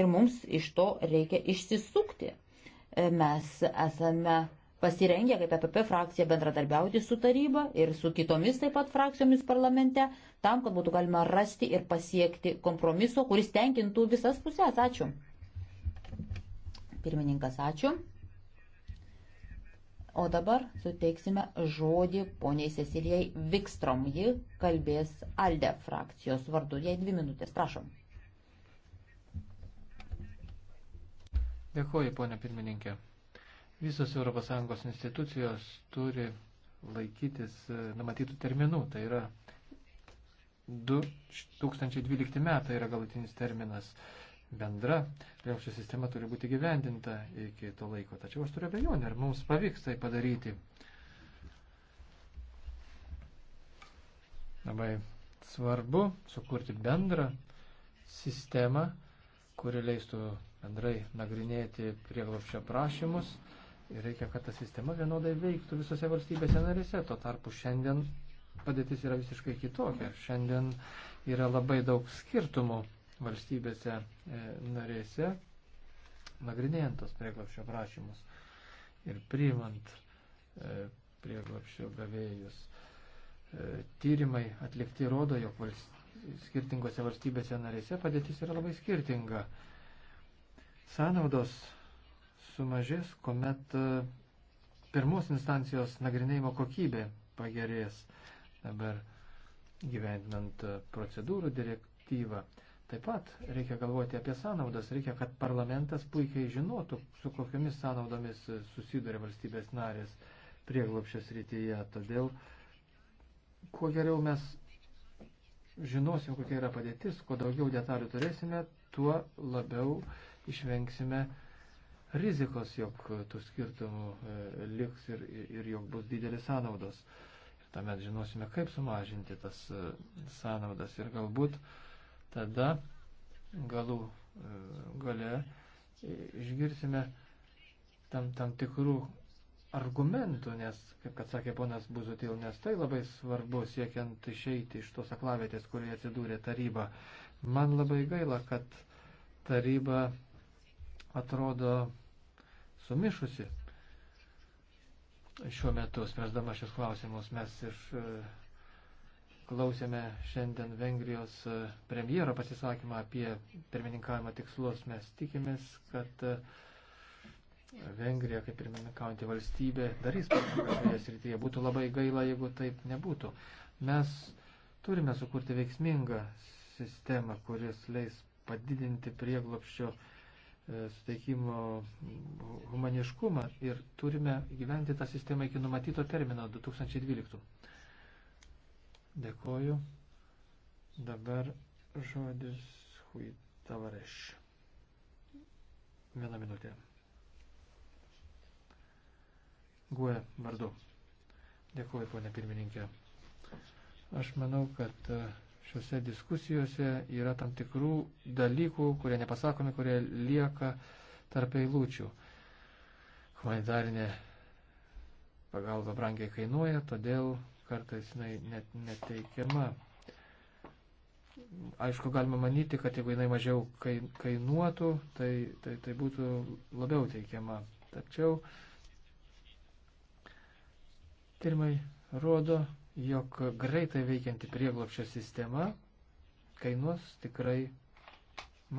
ir mums iš to reikia išsisukti. E, mes esame pasirengę kaip EPP frakcija bendradarbiauti su taryba ir su kitomis taip pat frakcijomis parlamente, tam, kad būtų galima rasti ir pasiekti kompromiso, kuris tenkintų visas pusės. Ačiū. Pirmininkas, ačiū. O dabar suteiksime žodį poniai Cecilijai Vikstrom. Ji kalbės Alde frakcijos vardu. Jai dvi minutės, prašom. Dėkuoju, ponia pirmininkė. Visos ES institucijos turi laikytis e, numatytų terminų. Tai yra 2012 metai yra galutinis terminas bendra prieaukščio sistema turi būti gyvendinta iki to laiko. Tačiau aš turiu abejonių, ar mums pavyks tai padaryti. Labai svarbu sukurti bendrą sistemą, kuri leistų bendrai nagrinėti prieglopščio prašymus. Ir reikia, kad ta sistema vienodai veiktų visose valstybėse narėse. Tuo tarpu šiandien padėtis yra visiškai kitokia. Šiandien yra labai daug skirtumų valstybėse e, narėse, nagrinėjant tos prieglapščio prašymus ir priimant e, prieglapščio gavėjus. E, tyrimai atlikti rodo, jog skirtingose valstybėse narėse padėtis yra labai skirtinga. Sąnaudos sumažės, kuomet pirmos instancijos nagrinėjimo kokybė pagerės dabar gyvendinant procedūrų direktyvą. Taip pat reikia galvoti apie sąnaudas, reikia, kad parlamentas puikiai žinotų, su kokiamis sąnaudomis susiduria valstybės narės prieglopšės rytyje. Todėl, kuo geriau mes žinosim, kokia yra padėtis, kuo daugiau detalių turėsime, tuo labiau išvengsime rizikos, jog tų skirtumų e, liks ir, ir jog bus didelis sąnaudos. Ir tuomet žinosime, kaip sumažinti tas e, sąnaudas ir galbūt uh, tada galų e, gale išgirsime tam, tam tikrų argumentų, nes, kaip kad sakė ponas Buzutil, nes tai labai svarbu siekiant išeiti iš tos aklavėtės, kurioje atsidūrė taryba. Man labai gaila, kad taryba atrodo sumišusi šiuo metu, spręsdama šios klausimus, mes iš e, klausėme šiandien Vengrijos e, premjero pasisakymą apie pirmininkavimo tikslus. Mes tikimės, kad e, Vengrija kaip pirmininkaujantį valstybė darys pažangą šioje srityje. Būtų labai gaila, jeigu taip nebūtų. Mes turime sukurti veiksmingą sistemą, kuris leis padidinti prieglopščio e, suteikimo humaniškumą ir turime gyventi tą sistemą iki numatyto termino 2012. Dėkoju. Dabar žodis Hui Tavareš. Vieną minutę. Gue vardu. Dėkuoju, ponė pirmininkė. Aš manau, kad e, šiuose diskusijose yra tam tikrų dalykų, kurie nepasakomi, kurie lieka tarp eilučių. Humanitarinė pagalba brangiai kainuoja, todėl kartais jinai net neteikiama. Aišku, galima manyti, kad jeigu jinai mažiau kainuotų, tai, tai, tai būtų labiau teikiama. Tačiau tyrimai rodo, jog greitai veikianti prieglopščio sistema kainuos tikrai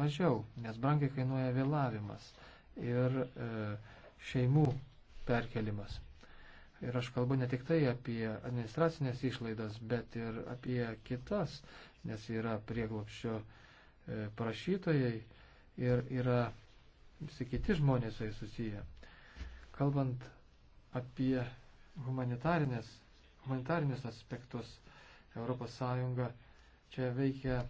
mažiau, nes brangiai kainuoja vėlavimas ir e, šeimų perkelimas. Ir aš kalbu ne tik tai apie administracinės išlaidas, bet ir apie kitas, nes yra prieglopščio e, prašytojai ir yra visi kiti žmonės su jais susiję. Kalbant apie humanitarinės, humanitarinės aspektus, ES čia veikia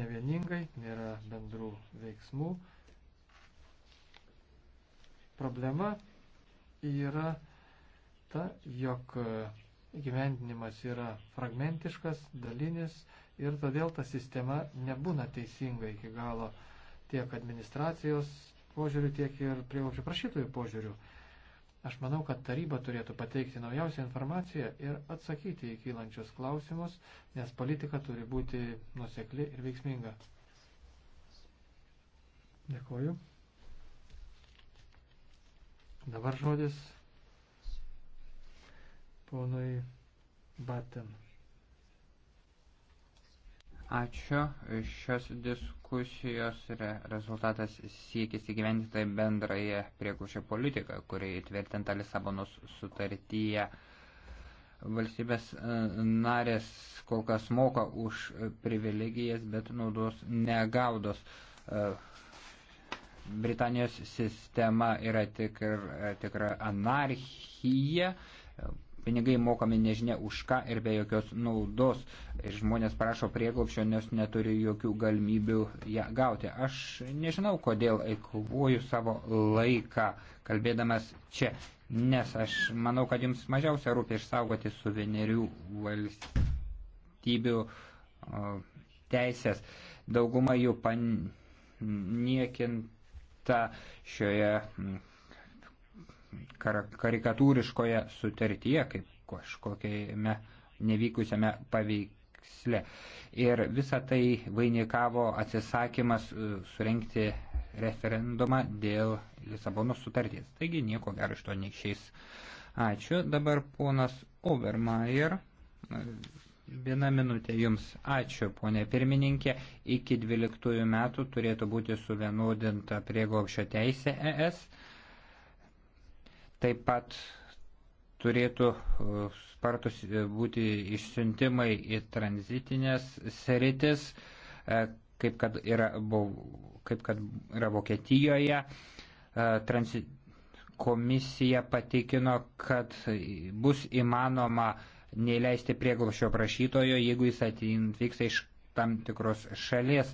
nevieningai, nėra bendrų veiksmų. Problema yra ta, jog e, gyvendinimas yra fragmentiškas, dalinis ir todėl ta sistema nebūna teisinga iki galo tiek administracijos požiūrių, tiek ir prieglobčio prašytojų požiūrių. Aš manau, kad taryba turėtų pateikti naujausią informaciją ir atsakyti į kylančius klausimus, nes politika turi būti nusekli ir veiksminga. Dėkoju. Dabar žodis ponui Batin. Ačiū. Šios diskusijos re, rezultatas siekis įgyvendinti bendrąją priekušę politiką, kuri įtvirtinta Lisabonos sutartyje. Valstybės e, narės kol kas moka už privilegijas, bet naudos negaudos. E, Britanijos sistema yra tikra, e, tikra anarchija pinigai mokami nežinia už ką ir be jokios naudos. Žmonės prašo prieglopščio, nes neturi jokių galimybių ją gauti. Aš nežinau, kodėl eikvoju savo laiką kalbėdamas čia, nes aš manau, kad jums mažiausia rūpia išsaugoti suvenerių valstybių teisės. Dauguma jų paniekinta šioje karikatūriškoje sutartyje, kaip kažkokiame nevykusiame paveiksle. Ir visa tai vainikavo atsisakymas e, surenkti referendumą dėl Lisabonos sutarties. Taigi nieko gero iš to neišės. Ačiū. Dabar ponas Overmaier. Viena minutė jums. Ačiū, ponė pirmininkė. Iki 12 metų turėtų būti suvienodinta prieglobšio teisė ES. Taip pat turėtų uh, spartus uh, būti išsiuntimai į tranzitinės sritis, uh, kaip kad yra, kaip kad yra Vokietijoje. Transi, komisija patikino, kad bus įmanoma neįleisti prieglobšio prašytojo, jeigu jis atvyksta iš tam tikros šalies.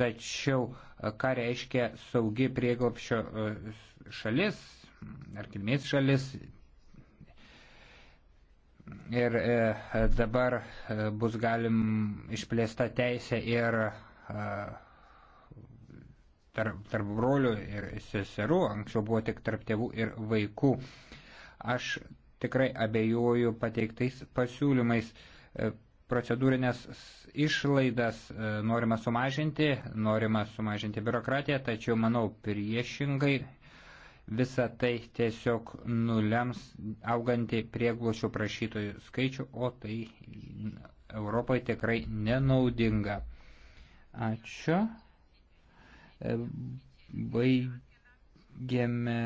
Tačiau ką reiškia saugi prieglobšio šalis, ar kilmės šalis. Ir e, dabar e, bus galim išplėsta teisė ir e, tarp, tarp brolių ir seserų, anksčiau buvo tik tarp tėvų ir vaikų. Aš tikrai abejoju pateiktais pasiūlymais. Procedūrinės išlaidas norima sumažinti, norima sumažinti biurokratiją, tačiau manau priešingai Visa tai tiesiog nulems augantį prieglošio prašytojų skaičių, o tai Europoje tikrai nenaudinga. Ačiū. E, Baigėme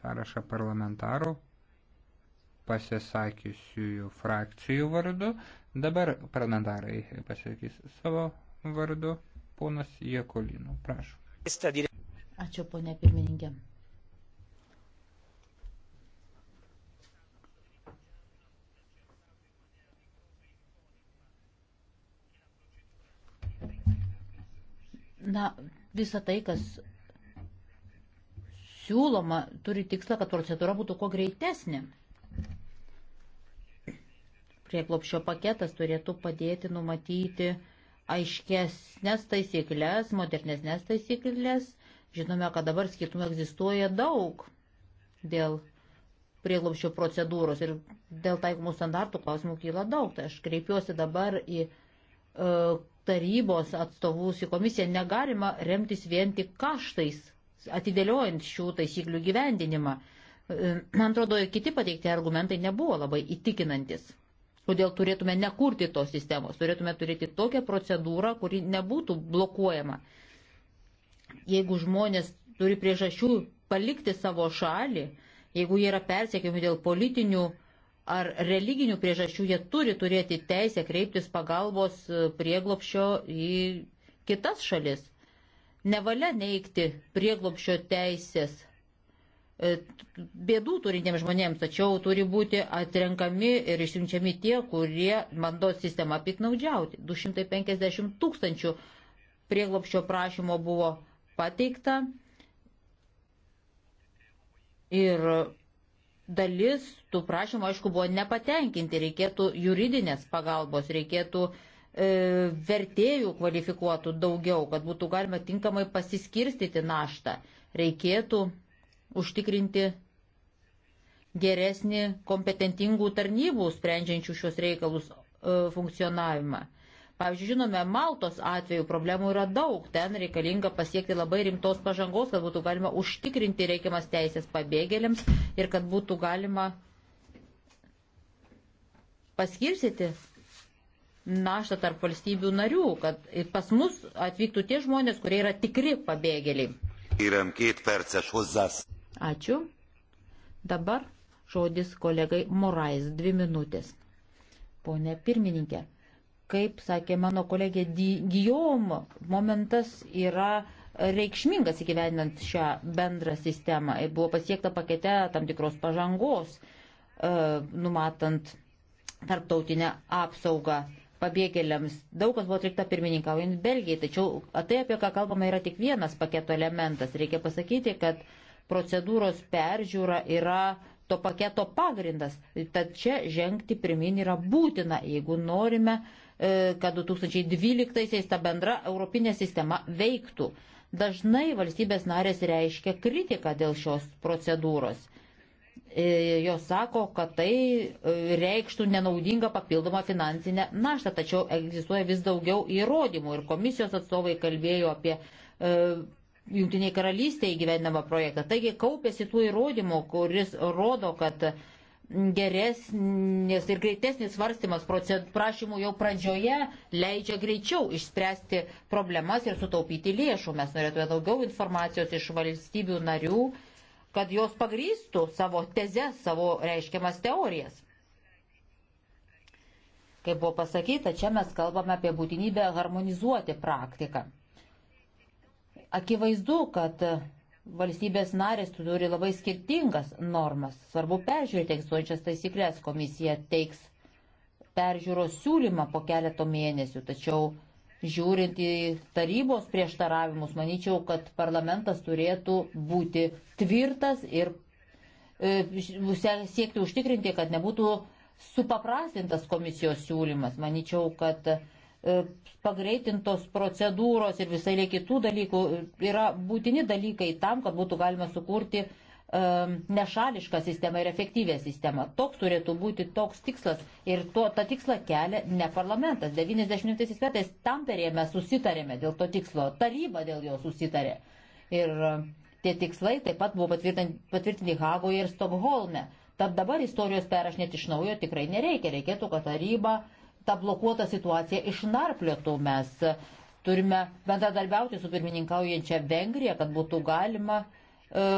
sąrašą parlamentarų pasisakiusiųjų frakcijų vardu. Dabar parlamentarai pasakys savo vardu. Ponas Jekolino, prašom. Ačiū, ponė pirmininkė. Na, visa tai, kas siūloma, turi tikslą, kad procedūra būtų kuo greitesnė. Prieklopšio paketas turėtų padėti numatyti aiškesnės taisyklės, modernesnės taisyklės. Žinome, kad dabar skirtumų egzistuoja daug dėl prieglobščio procedūros ir dėl taikomų standartų klausimų kyla daug. Tai aš kreipiuosi dabar į e, tarybos atstovus, į komisiją. Negalima remtis vien tik kaštais, atidėliojant šių taisyklių gyvendinimą. E, man atrodo, kiti pateikti argumentai nebuvo labai įtikinantis. Todėl turėtume nekurti tos sistemos, turėtume turėti tokią procedūrą, kuri nebūtų blokuojama. Jeigu žmonės turi priežasčių palikti savo šalį, jeigu jie yra persiekiami dėl politinių ar religinių priežasčių, jie turi turėti teisę kreiptis pagalbos e, prieglopšio į kitas šalis. Nevalia neikti prieglopšio teisės E, bėdų turintiems žmonėms, tačiau turi būti atrenkami ir išsiunčiami tie, kurie bando sistemą piknaudžiauti. 250 tūkstančių prieglopščio prašymo buvo pateikta ir dalis tų prašymų, aišku, buvo nepatenkinti, reikėtų juridinės pagalbos, reikėtų e, vertėjų kvalifikuotų daugiau, kad būtų galima tinkamai pasiskirstyti naštą. Reikėtų užtikrinti geresnį kompetentingų tarnybų sprendžiančių šios reikalus e, funkcionavimą. Pavyzdžiui, žinome, Maltos atveju problemų yra daug, ten reikalinga pasiekti labai rimtos pažangos, kad būtų galima užtikrinti reikiamas teisės pabėgėliams ir kad būtų galima paskirstyti naštą tarp valstybių narių, kad pas mus atvyktų tie žmonės, kurie yra tikri pabėgėliai. Įrėm, kiek percės hozas. Ačiū. Dabar žodis kolegai Morais, dvi minutės. Pone pirmininkė, kaip sakė mano kolegė Gijom, momentas yra reikšmingas įgyvendinant šią bendrą sistemą. Buvo pasiekta pakete tam tikros pažangos, e, numatant tarptautinę apsaugą pabėgėliams. Daug kas buvo atlikta pirmininkaujant Belgijai, tačiau tai, apie ką kalbame, yra tik vienas paketo elementas. Reikia pasakyti, kad uh, procedūros peržiūra yra to paketo pagrindas. Tad čia žengti pirmin yra būtina, jeigu norime, e, kad 2012-aisiais ta bendra europinė sistema veiktų. Dažnai valstybės narės reiškia kritiką dėl šios procedūros. E, jos sako, kad tai e, reikštų nenaudingą papildomą finansinę naštą, tačiau egzistuoja vis daugiau įrodymų ir komisijos atstovai kalbėjo apie Junktiniai karalystėje įgyvendinamą projektą. Taigi kaupėsi tų įrodymų, kuris rodo, kad geresnis ir greitesnis svarstymas prašymų jau pradžioje leidžia greičiau išspręsti problemas ir sutaupyti lėšų. Mes norėtume daugiau informacijos iš valstybių narių, kad jos pagrystų savo tezes, savo reiškiamas teorijas. Kaip buvo pasakyta, čia mes kalbame apie būtinybę harmonizuoti praktiką akivaizdu, kad valstybės narės turi labai skirtingas normas. Svarbu peržiūrėti egzistuojančias taisyklės. Komisija teiks peržiūros siūlymą po keleto mėnesių, tačiau žiūrint į tarybos prieštaravimus, manyčiau, kad parlamentas turėtų būti tvirtas ir e, siekti užtikrinti, kad nebūtų supaprastintas komisijos siūlymas. Manyčiau, kad E, pagreitintos procedūros ir visai lė kitų dalykų yra būtini dalykai tam, kad būtų galima sukurti e, nešališką sistemą ir efektyvę sistemą. Toks turėtų būti toks tikslas ir to, tą tikslą kelia ne parlamentas. 90 metais Tamperėje mes susitarėme dėl to tikslo, taryba dėl jo susitarė. Ir e, tie tikslai taip pat buvo patvirtinti, patvirtinti Hagoje ir Stokholme. Tad dabar istorijos perrašinėti iš naujo tikrai nereikia. Reikėtų, kad taryba tą blokuotą situaciją išnarplėtų. Mes turime bendradarbiauti su pirmininkaujančia Vengrija, kad būtų galima e,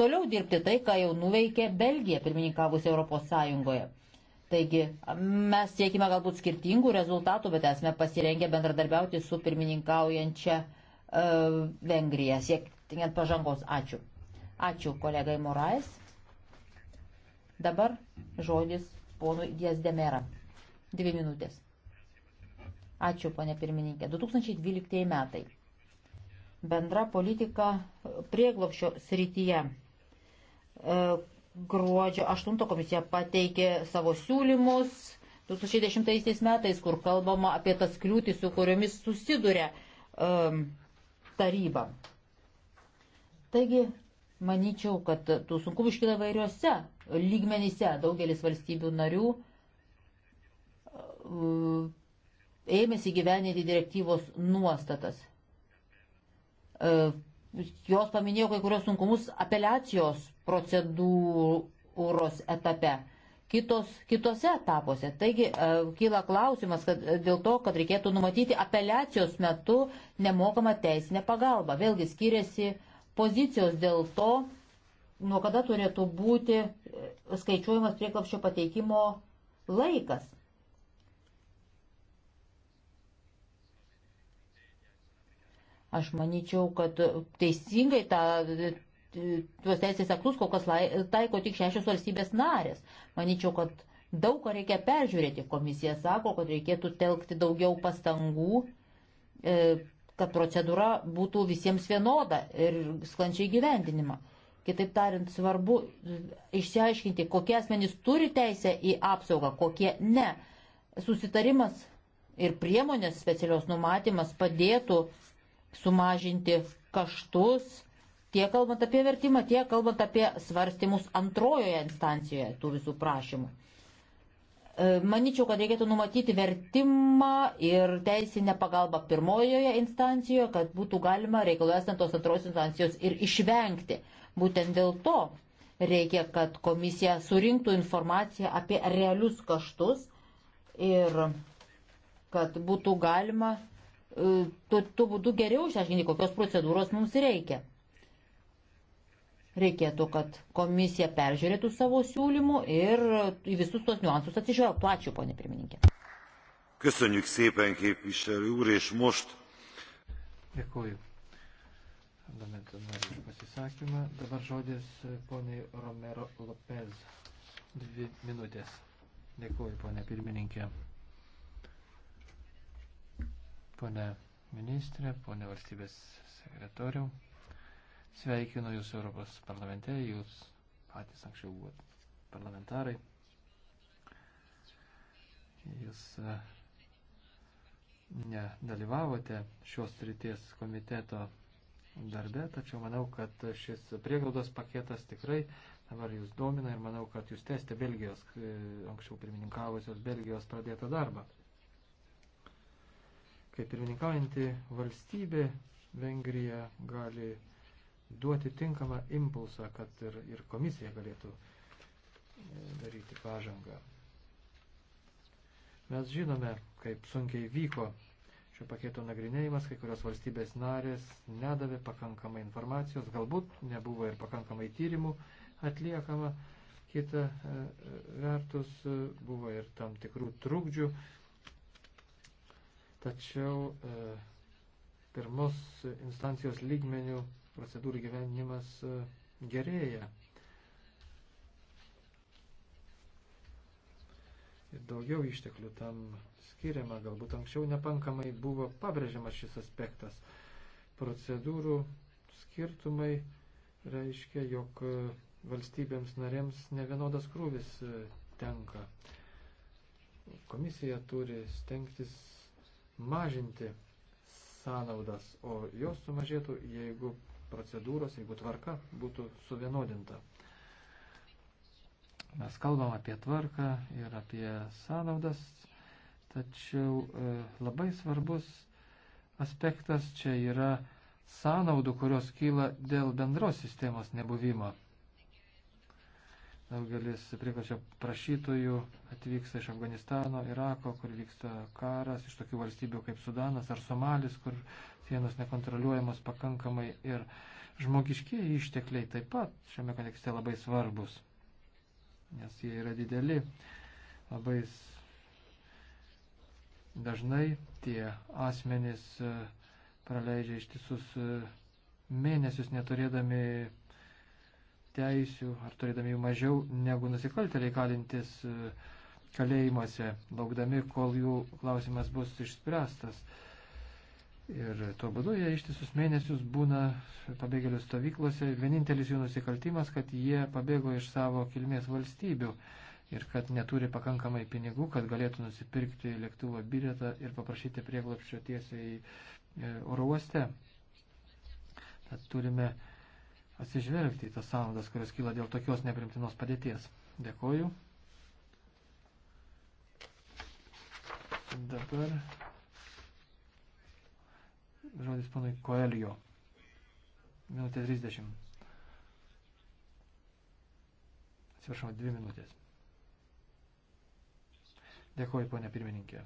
toliau dirbti tai, ką jau nuveikė Belgija pirmininkavusi Europos Sąjungoje. Taigi mes siekime galbūt skirtingų rezultatų, bet esame pasirengę bendradarbiauti su pirmininkaujančia e, Vengrija, siekiant pažangos. Ačiū. Ačiū kolegai Morais. Dabar žodis ponui Diezdemera. Dvi minutės. Ačiū, ponė pirmininkė. 2012 metai. Bendra politika e, prieglopšio srityje. E, gruodžio 8 komisija pateikė savo siūlymus 2010 metais, kur kalbama apie tas kliūtis, su kuriomis susiduria um, taryba. Taigi, manyčiau, kad tų sunkumų iškyla vairiuose lygmenyse daugelis valstybių narių E, ėmėsi gyveninti direktyvos nuostatas. E, jos paminėjo kai kurios sunkumus apeliacijos procedūros etape kitos, kitose etapuose. Taigi e, kyla klausimas kad, dėl to, kad reikėtų numatyti apeliacijos metu nemokamą teisinę pagalbą. Vėlgi skiriasi pozicijos dėl to, nuo kada turėtų būti skaičiuojamas prieklapščio pateikimo laikas. Aš manyčiau, kad teisingai tą, tuos teisės aktus kol kas lai, taiko tik šešios valstybės narės. Manyčiau, kad daug ką reikia peržiūrėti. Komisija sako, kad reikėtų telkti daugiau pastangų, e, kad procedūra būtų visiems vienoda ir sklančiai gyvendinima. Kitaip tariant, svarbu išsiaiškinti, kokie asmenys turi teisę į apsaugą, kokie ne. Susitarimas ir priemonės specialios numatymas padėtų uh, sumažinti kaštus, tiek kalbant apie vertimą, tiek kalbant apie svarstymus antrojoje instancijoje tų visų prašymų. E, Maničiau, kad reikėtų numatyti vertimą ir teisinę pagalbą pirmojoje instancijoje, kad būtų galima reikalų esant tos antros instancijos ir išvengti. Būtent dėl to reikia, kad komisija surinktų informaciją apie realius kaštus ir kad būtų galima tuo, tuo būdu geriau išaiškinti, kokios procedūros mums reikia. Reikėtų, kad komisija peržiūrėtų savo siūlymų ir į visus tos niuansus atsižvelgtų. Ačiū, ponė pirmininkė. Köszönjük szépen, képviselő úr, és most... Dėkuoju. Parlamento narių pasisakymą. Dabar žodis poniai Romero Lopez. Dvi minutės. Dėkuoju, ponė pirmininkė. Pone ministrė, pone valstybės sekretoriau, sveikinu Jūs Europos parlamente, Jūs patys anksčiau buvot parlamentarai. Jūs e, nedalyvavote šios ryties komiteto darbe, tačiau manau, kad šis prieglaudos paketas tikrai dabar Jūs domina ir manau, kad Jūs tęsite Belgijos, e, anksčiau pirmininkavusios Belgijos pradėtą darbą kaip pirmininkaujanti valstybė, Vengrija gali duoti tinkamą impulsą, kad ir, ir komisija galėtų e, daryti pažangą. Mes žinome, kaip sunkiai vyko šio paketo nagrinėjimas, kai kurios valstybės narės nedavė pakankamai informacijos, galbūt nebuvo ir pakankamai tyrimų atliekama, kita e, e, vertus buvo ir tam tikrų trukdžių tačiau e, pirmos instancijos lygmenių procedūrų gyvenimas e, gerėja. Ir daugiau išteklių tam skiriama, galbūt anksčiau nepankamai buvo pabrėžiamas šis aspektas. Procedūrų skirtumai reiškia, jog e, valstybėms narėms nevienodas krūvis e, tenka. Komisija turi stengtis mažinti sąnaudas, o jos sumažėtų, jeigu procedūros, jeigu tvarka būtų suvienodinta. Mes kalbam apie tvarką ir apie sąnaudas, tačiau e, labai svarbus aspektas čia yra sąnaudų, kurios kyla dėl bendros sistemos nebuvimo. Daugelis prieglapščio prašytojų atvyksta iš Afganistano, Irako, kur vyksta karas, iš tokių valstybių kaip Sudanas ar Somalis, kur sienos nekontroliuojamos pakankamai ir žmogiškieji ištekliai taip pat šiame kontekste labai svarbus, nes jie yra dideli, labai dažnai tie asmenys e, praleidžia ištisus e, mėnesius neturėdami teisių ar turėdami jų mažiau negu nusikaltėliai kalintis e, kalėjimuose, laukdami, kol jų klausimas bus išspręstas. Ir tuo būdu jie ištisus mėnesius būna pabėgėlių stovyklose. Vienintelis jų nusikaltimas, kad jie pabėgo iš savo kilmės valstybių ir kad neturi pakankamai pinigų, kad galėtų nusipirkti lėktuvo biletą ir paprašyti prieglapščio tiesiai e, oro uoste. Tad turime atsižvelgti į tas sąnaudas, kurios kyla dėl tokios neprimtinos padėties. Dėkoju. Dabar žodis panui Koelio. Minutė 30. Atsiprašau, dvi minutės. Dėkoju, ponė pirmininkė.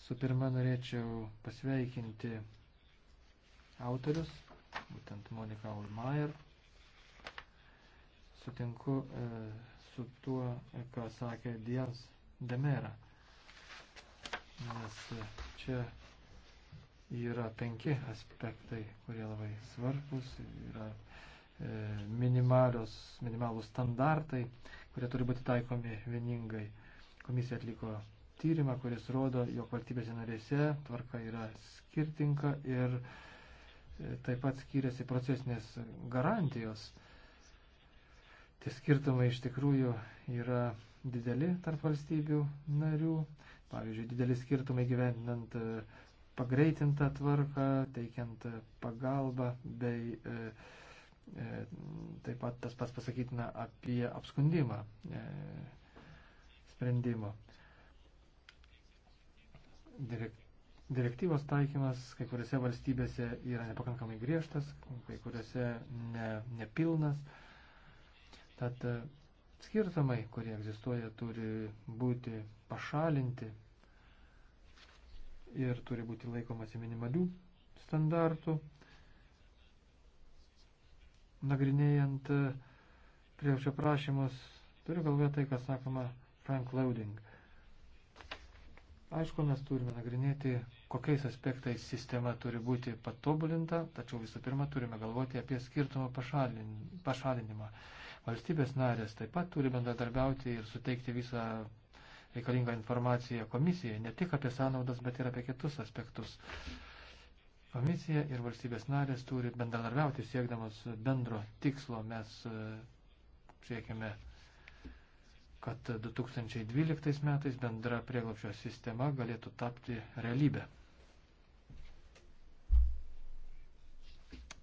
Su pirma norėčiau pasveikinti autorius būtent Monika Ulmair. Sutinku e, su tuo, ką sakė Dievas Demera. Nes e, čia yra penki aspektai, kurie labai svarbus. Yra e, minimalūs standartai, kurie turi būti taikomi vieningai. Komisija atliko tyrimą, kuris rodo, jog valstybėse narėse tvarka yra skirtinga ir e, taip pat skiriasi procesinės garantijos. Tie skirtumai iš tikrųjų yra dideli tarp valstybių narių. Pavyzdžiui, dideli skirtumai gyventinant e, pagreitintą tvarką, teikiant e, pagalbą, bei e, e, taip pat tas pats pasakytina apie apskundimą e, sprendimo. Direkt, Direktyvos taikymas kai kuriuose valstybėse yra nepakankamai griežtas, kai kuriuose ne, nepilnas. Tad e, skirtumai, kurie egzistuoja, turi būti pašalinti ir turi būti laikomasi minimalių standartų. Nagrinėjant e, prieaukščio prašymus, turiu galvoje tai, kas sakoma Frank Loading. Aišku, mes turime nagrinėti kokiais aspektais sistema turi būti patobulinta, tačiau visų pirma turime galvoti apie skirtumo pašalin, pašalinimą. Valstybės narės taip pat turi bendradarbiauti ir suteikti visą reikalingą informaciją komisijai, ne tik apie sąnaudas, bet ir apie kitus aspektus. Komisija ir valstybės narės turi bendradarbiauti siekdamos bendro tikslo. Mes e, siekime kad 2012 metais bendra prieglopščio sistema galėtų tapti realybę.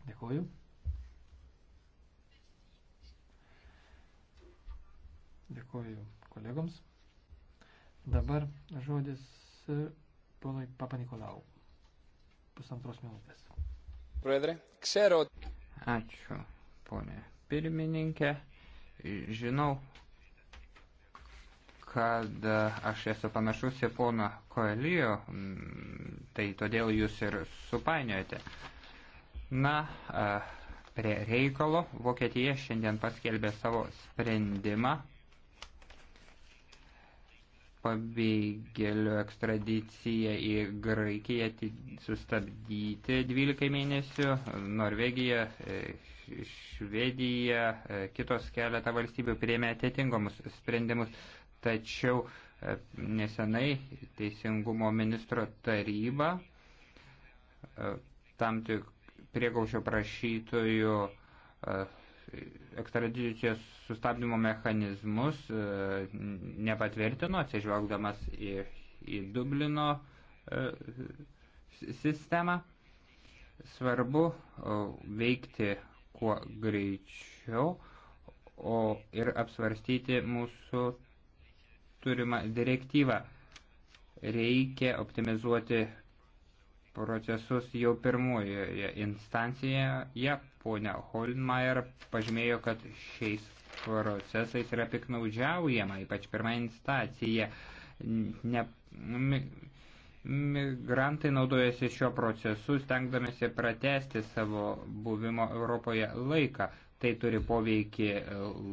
Dėkuoju. Dėkuoju kolegoms. Dabar žodis e, ponui Papanikolau. Pusantros minutės. Proedre, ksero. Ačiū, ponė pirmininkė. Žinau, kad aš esu panašus į poną Koelijo, tai todėl jūs ir supainiojate. Na, prie reikalo Vokietija šiandien paskelbė savo sprendimą pabėgėlių ekstradiciją į Graikiją sustabdyti 12 mėnesių, Norvegija, e, Švedija, e, kitos keletą valstybių priėmė atitinkamus sprendimus, tačiau e, nesenai Teisingumo ministro taryba tam tik priegaušio prašytojų e, ekstradicijos sustabdymo mechanizmus e, nepatvirtino, atsižvelgdamas į, į Dublino e, sistemą. Svarbu veikti kuo greičiau o ir apsvarstyti mūsų turimą direktyvą. Reikia optimizuoti procesus jau pirmojoje instancijoje, ponia Holmeier pažymėjo, kad šiais procesais yra piknaudžiaujama, ypač pirmą instaciją. Ne, mi, migrantai naudojasi šio procesu, stengdamėsi pratesti savo buvimo Europoje laiką. Tai turi poveikį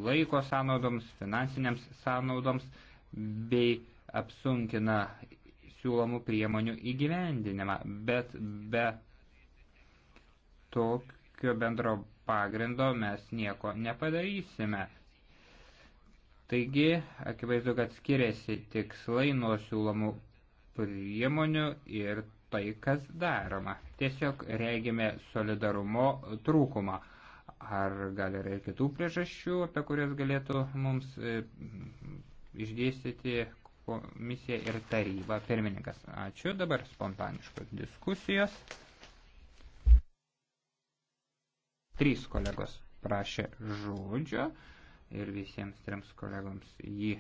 laiko sąnaudoms, finansiniams sąnaudoms bei apsunkina siūlomų priemonių įgyvendinimą, bet be tokio bendro pagrindo mes nieko nepadarysime. Taigi, akivaizdu, kad skiriasi tikslai nuo siūlomų priemonių ir tai, kas daroma. Tiesiog regime solidarumo trūkumą. Ar gal yra ir kitų priežasčių, apie kurias galėtų mums e, išdėstyti komisija ir taryba pirmininkas. Ačiū, dabar spontaniškos diskusijos. Trys kolegos prašė žodžio ir visiems trims kolegoms jį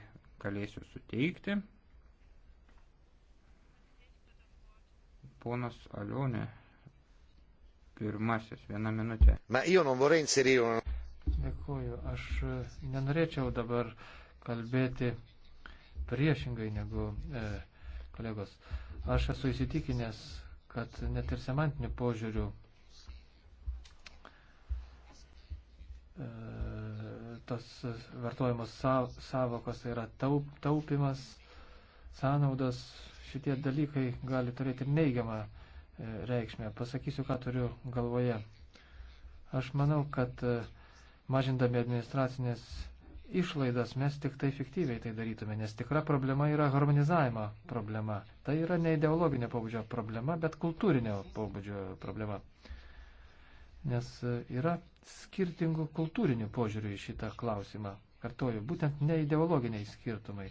galėsiu suteikti. Ponas Alionė, pirmasis, vieną minutę. Ma io non vorrei inserire. Dėkuoju, aš nenorėčiau dabar kalbėti priešingai negu e, kolegos. Aš esu įsitikinęs, kad net ir semantiniu požiūriu e, tos vartojamos savokos tai yra taup, taupimas, sąnaudos, šitie dalykai gali turėti ir neigiamą e, reikšmę. Pasakysiu, ką turiu galvoje. Aš manau, kad e, mažindami administracinės išlaidas, mes tik tai fiktyviai tai darytume, nes tikra problema yra harmonizavimo problema. Tai yra ne ideologinė pobūdžio problema, bet kultūrinio pobūdžio problema. Nes e, yra skirtingų kultūrinių požiūrių į šitą klausimą. Kartoju, būtent ne ideologiniai skirtumai.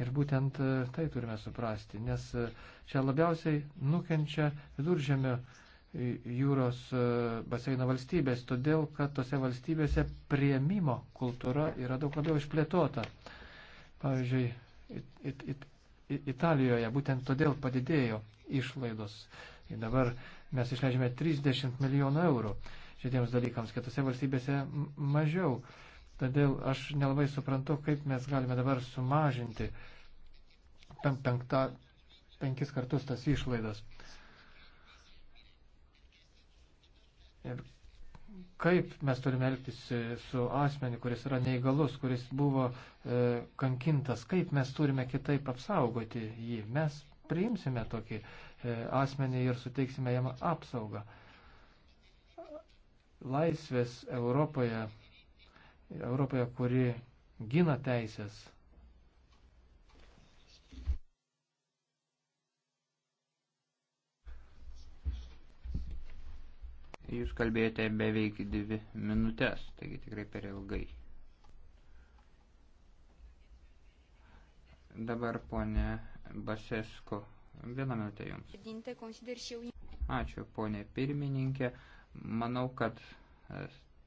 Ir būtent e, tai turime suprasti, nes e, čia labiausiai nukenčia viduržėmio jūros e, baseino valstybės, todėl kad tose valstybėse prieimimo kultūra yra daug labiau išplėtota. Pavyzdžiui, it, it, it, Italijoje būtent todėl padidėjo išlaidos. Ir dabar mes išleidžiame 30 milijonų eurų šitiems dalykams, kitose valstybėse mažiau. Todėl aš nelabai suprantu, kaip mes galime dabar sumažinti penkta, penkis kartus tas išlaidas. kaip mes turime elgtis e, su asmeniu, kuris yra neįgalus, kuris buvo e, kankintas, kaip mes turime kitaip apsaugoti jį. Mes priimsime tokį e, asmenį ir suteiksime jam apsaugą. Laisvės Europoje, Europoje, kuri gina teisės, Jūs kalbėjote beveik dvi minutės, taigi tikrai per ilgai. Dabar ponė Basesko, vieną minutę jums. Ačiū ponė pirmininkė. Manau, kad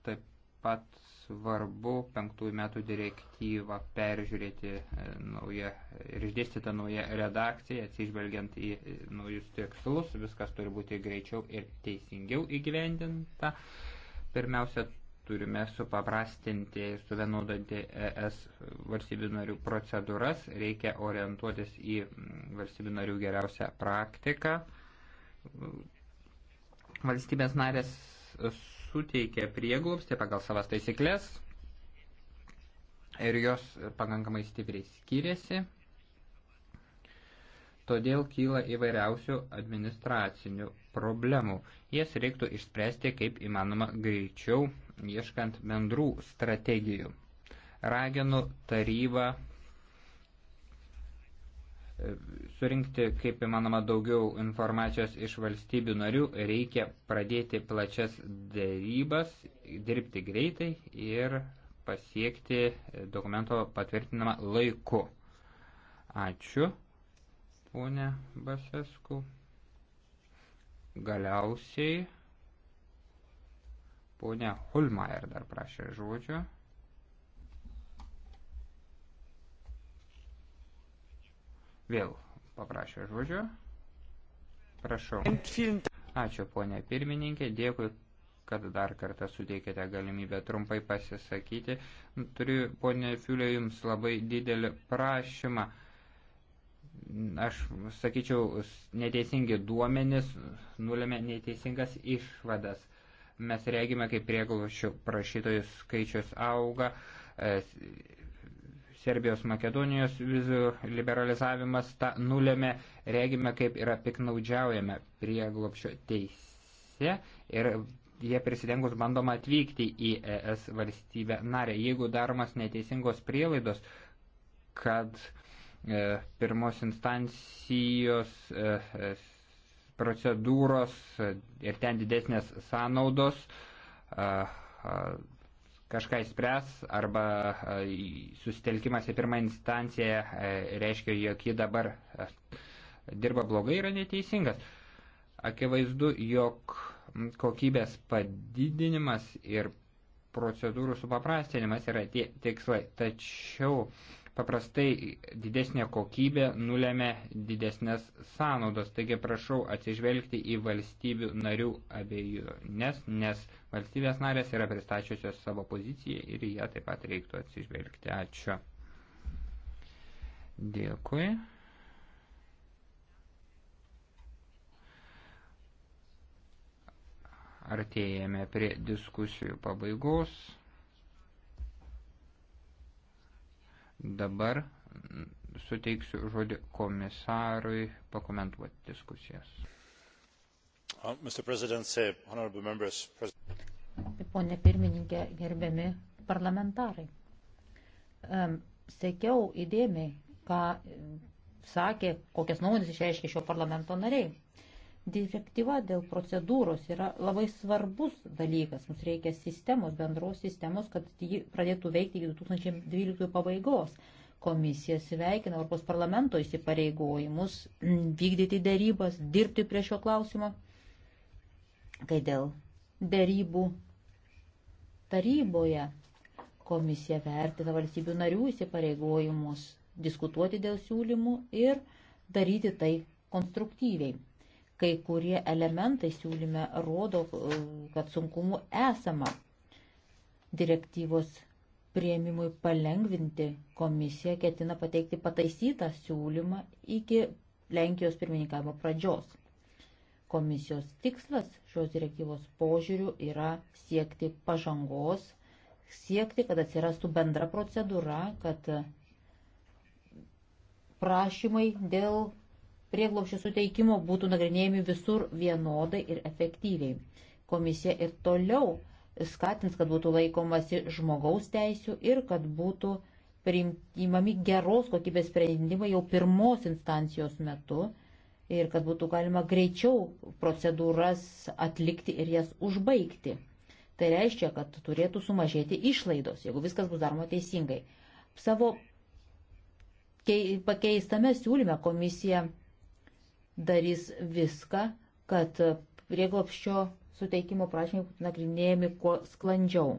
taip pat svarbu penktųjų metų direktyvą peržiūrėti e, naują ir išdėstytą naują redakciją, atsižvelgiant į e, naujus tikslus, viskas turi būti greičiau ir teisingiau įgyvendinta. Pirmiausia, turime supaprastinti ir suvienodinti ES valstybių narių procedūras, reikia orientuotis į mm, valstybių narių geriausią praktiką. Valstybės narės suteikia prieglobstį pagal savas taisyklės ir jos pakankamai stipriai skiriasi. Todėl kyla įvairiausių administracinių problemų. Jas reiktų išspręsti kaip įmanoma greičiau, ieškant bendrų strategijų. Raginu tarybą surinkti kaip įmanoma daugiau informacijos iš valstybių narių, reikia pradėti plačias dėrybas, dirbti greitai ir pasiekti dokumento patvirtinimą laiku. Ačiū, ponė Basesku. Galiausiai, ponė Hulmaier dar prašė žodžio. Vėl paprašė žodžio. Prašau. Ačiū, ponė pirmininkė. Dėkui, kad dar kartą suteikėte galimybę trumpai pasisakyti. Turiu, ponė Fiulė, jums labai didelį prašymą. Aš sakyčiau, neteisingi duomenys nulėmė neteisingas išvadas. Mes regime, kaip prieglušių prašytojų skaičius auga, e, Serbijos Makedonijos vizų liberalizavimas tą nulėmė, regime, kaip yra piknaudžiaujame prieglopšio teise ir jie prisidengus bandoma atvykti į ES valstybę narę. Jeigu daromas neteisingos prielaidos, kad e, pirmos instancijos e, e procedūros e, ir ten didesnės sąnaudos, e, e, kažką įspręs arba e, susitelkimas į pirmą instanciją e, reiškia, jog ji dabar e, dirba blogai yra neteisingas. Akivaizdu, jog kokybės padidinimas ir procedūrų supaprastinimas yra tie tikslai. Tačiau Paprastai didesnė kokybė nulėmė didesnės sąnaudos, taigi prašau atsižvelgti į valstybių narių abiejų, nes, nes valstybės narės yra pristačiusios savo poziciją ir ją taip pat reiktų atsižvelgti. Ačiū. Dėkui. Artėjame prie diskusijų pabaigos. Dabar suteiksiu žodį komisarui pakomentuoti diskusijas. Uh, Pone pirmininkė, gerbiami parlamentarai. Sekiau įdėmiai, ką sakė, kokias nuomonės išreiškė šio parlamento nariai. Direktyva dėl procedūros yra labai svarbus dalykas. Mums reikia sistemos, bendros sistemos, kad ji pradėtų veikti iki 2012 pabaigos. Komisija sveikina Europos parlamento įsipareigojimus vykdyti dėrybas, dirbti prie šio klausimo, kai dėl dėrybų taryboje komisija vertina valstybių narių įsipareigojimus diskutuoti dėl siūlymų ir daryti tai konstruktyviai. Kai kurie elementai siūlyme rodo, e, kad sunkumų esama. Direktyvos prieimimui palengvinti komisija ketina pateikti pataisytą siūlymą iki Lenkijos pirmininkavimo pradžios. Komisijos tikslas šios direktyvos požiūrių yra siekti pažangos, siekti, kad atsirastų bendra procedūra, kad prašymai dėl prieglopščio suteikimo būtų nagrinėjami visur vienodai ir efektyviai. Komisija ir toliau skatins, kad būtų laikomasi žmogaus teisių ir kad būtų priimami geros kokybės sprendimai jau pirmos instancijos metu ir kad būtų galima greičiau procedūras atlikti ir jas užbaigti. Tai reiškia, kad turėtų sumažėti išlaidos, jeigu viskas bus daroma teisingai. Savo pakeistame siūlyme komisija darys viską, kad prieglopščio suteikimo prašymai būtų nagrinėjami kuo sklandžiau.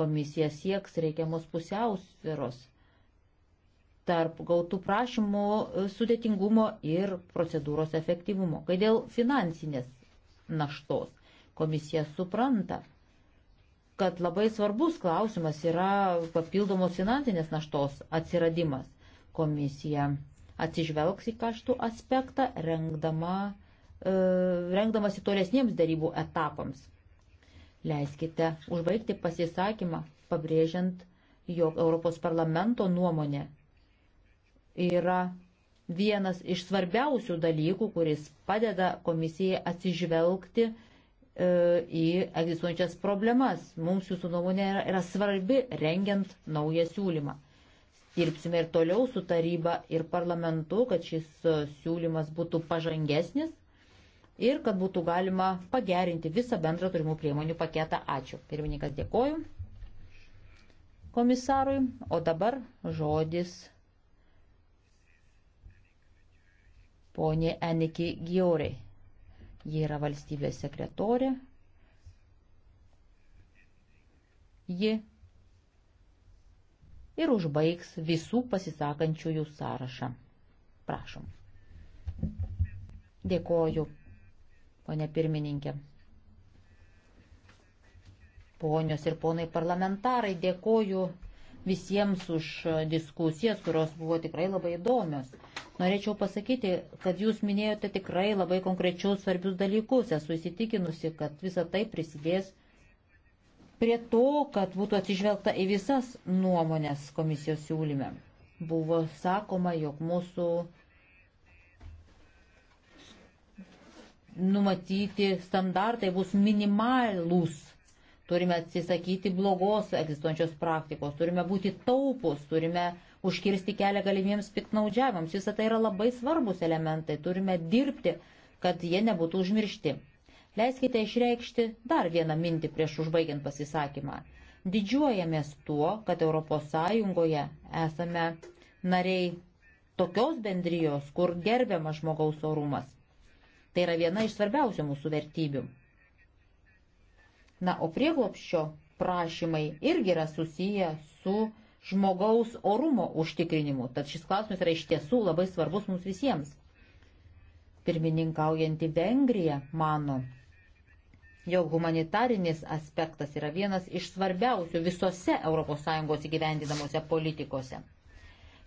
Komisija sieks reikiamos pusiausviros tarp gautų prašymų e, sudėtingumo ir procedūros efektyvumo. Kai dėl finansinės naštos komisija supranta, kad labai svarbus klausimas yra papildomos finansinės naštos atsiradimas. Komisija atsižvelgs į kaštų aspektą, rengdama, e, rengdamasi tolesniems darybų etapams. Leiskite užbaigti pasisakymą, pabrėžiant, jog Europos parlamento nuomonė yra vienas iš svarbiausių dalykų, kuris padeda komisijai atsižvelgti e, į egzistuojančias problemas. Mums jūsų nuomonė yra, yra svarbi rengiant naują siūlymą dirbsime ir toliau su taryba ir parlamentu, kad šis e, siūlymas būtų pažangesnis ir kad būtų galima pagerinti visą bendrą turimų priemonių paketą. Ačiū. Pirmininkas dėkoju komisarui, o dabar žodis ponė Eniki Gioriai. Ji yra valstybės sekretorė. Ji ir užbaigs visų pasisakančiųjų sąrašą. Prašom. Dėkoju, ponė pirmininkė. Ponios ir ponai parlamentarai, dėkoju visiems už diskusijas, kurios buvo tikrai labai įdomios. Norėčiau pasakyti, kad jūs minėjote tikrai labai konkrečius svarbius dalykus. Esu įsitikinusi, kad visa tai prisidės prie to, kad būtų atsižvelgta į visas nuomonės komisijos siūlyme. Buvo sakoma, jog mūsų numatyti standartai bus minimalūs. Turime atsisakyti blogos egzistuojančios praktikos, turime būti taupus, turime užkirsti kelią galimiems piknaudžiavams. Visą tai yra labai svarbus elementai, turime dirbti, kad jie nebūtų užmiršti. Leiskite išreikšti dar vieną mintį prieš užbaigiant pasisakymą. Didžiuojamės tuo, kad ES esame nariai tokios bendrijos, kur gerbiamas žmogaus orumas. Tai yra viena iš svarbiausių mūsų vertybių. Na, o prieglopščio prašymai irgi yra susiję su žmogaus orumo užtikrinimu. Tad šis klausimas yra iš tiesų labai svarbus mums visiems. Pirmininkaujanti Vengrija mano, jog humanitarinis aspektas yra vienas iš svarbiausių visose ES įgyvendinamuose politikose.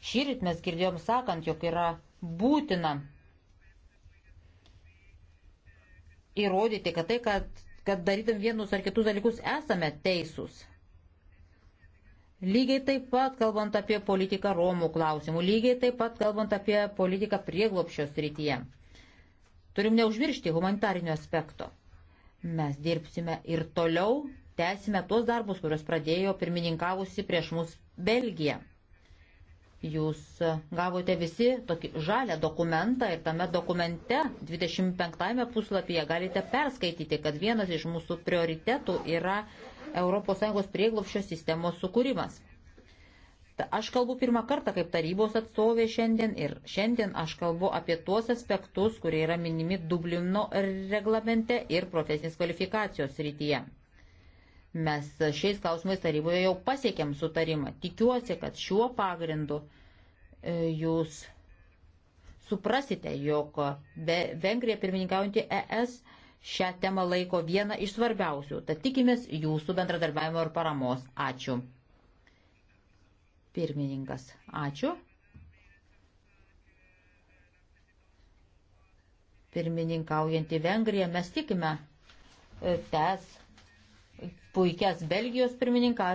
Šyrit mes girdėjom sakant, jog yra būtina įrodyti, kad tai, kad, kad darydam vienus ar kitus dalykus esame teisūs. Lygiai taip pat kalbant apie politiką Romų klausimų, lygiai taip pat kalbant apie politiką prieglopščios rytyje. Turim neužmiršti humanitarinio aspekto. Mes dirbsime ir toliau, tęsime tuos darbus, kuriuos pradėjo pirmininkavusi prieš mus Belgija. Jūs gavote visi tokį žalę dokumentą ir tame dokumente 25 puslapyje galite perskaityti, kad vienas iš mūsų prioritetų yra ES prieglopščio sistemos sukūrimas. Aš kalbu pirmą kartą kaip tarybos atstovė šiandien ir šiandien aš kalbu apie tuos aspektus, kurie yra minimi Dublino reglamente ir profesinės kvalifikacijos rytyje. Mes šiais klausimais taryboje jau pasiekėm sutarimą. Tikiuosi, kad šiuo pagrindu e, jūs suprasite, jog Vengrija pirmininkaujantį ES šią temą laiko vieną iš svarbiausių. Tad tikimės jūsų bendradarbiavimo ir paramos. Ačiū. Pirmininkas, ačiū. Pirmininkaujantį Vengriją mes tikime e, tęs puikias Belgijos pirmininkavimą.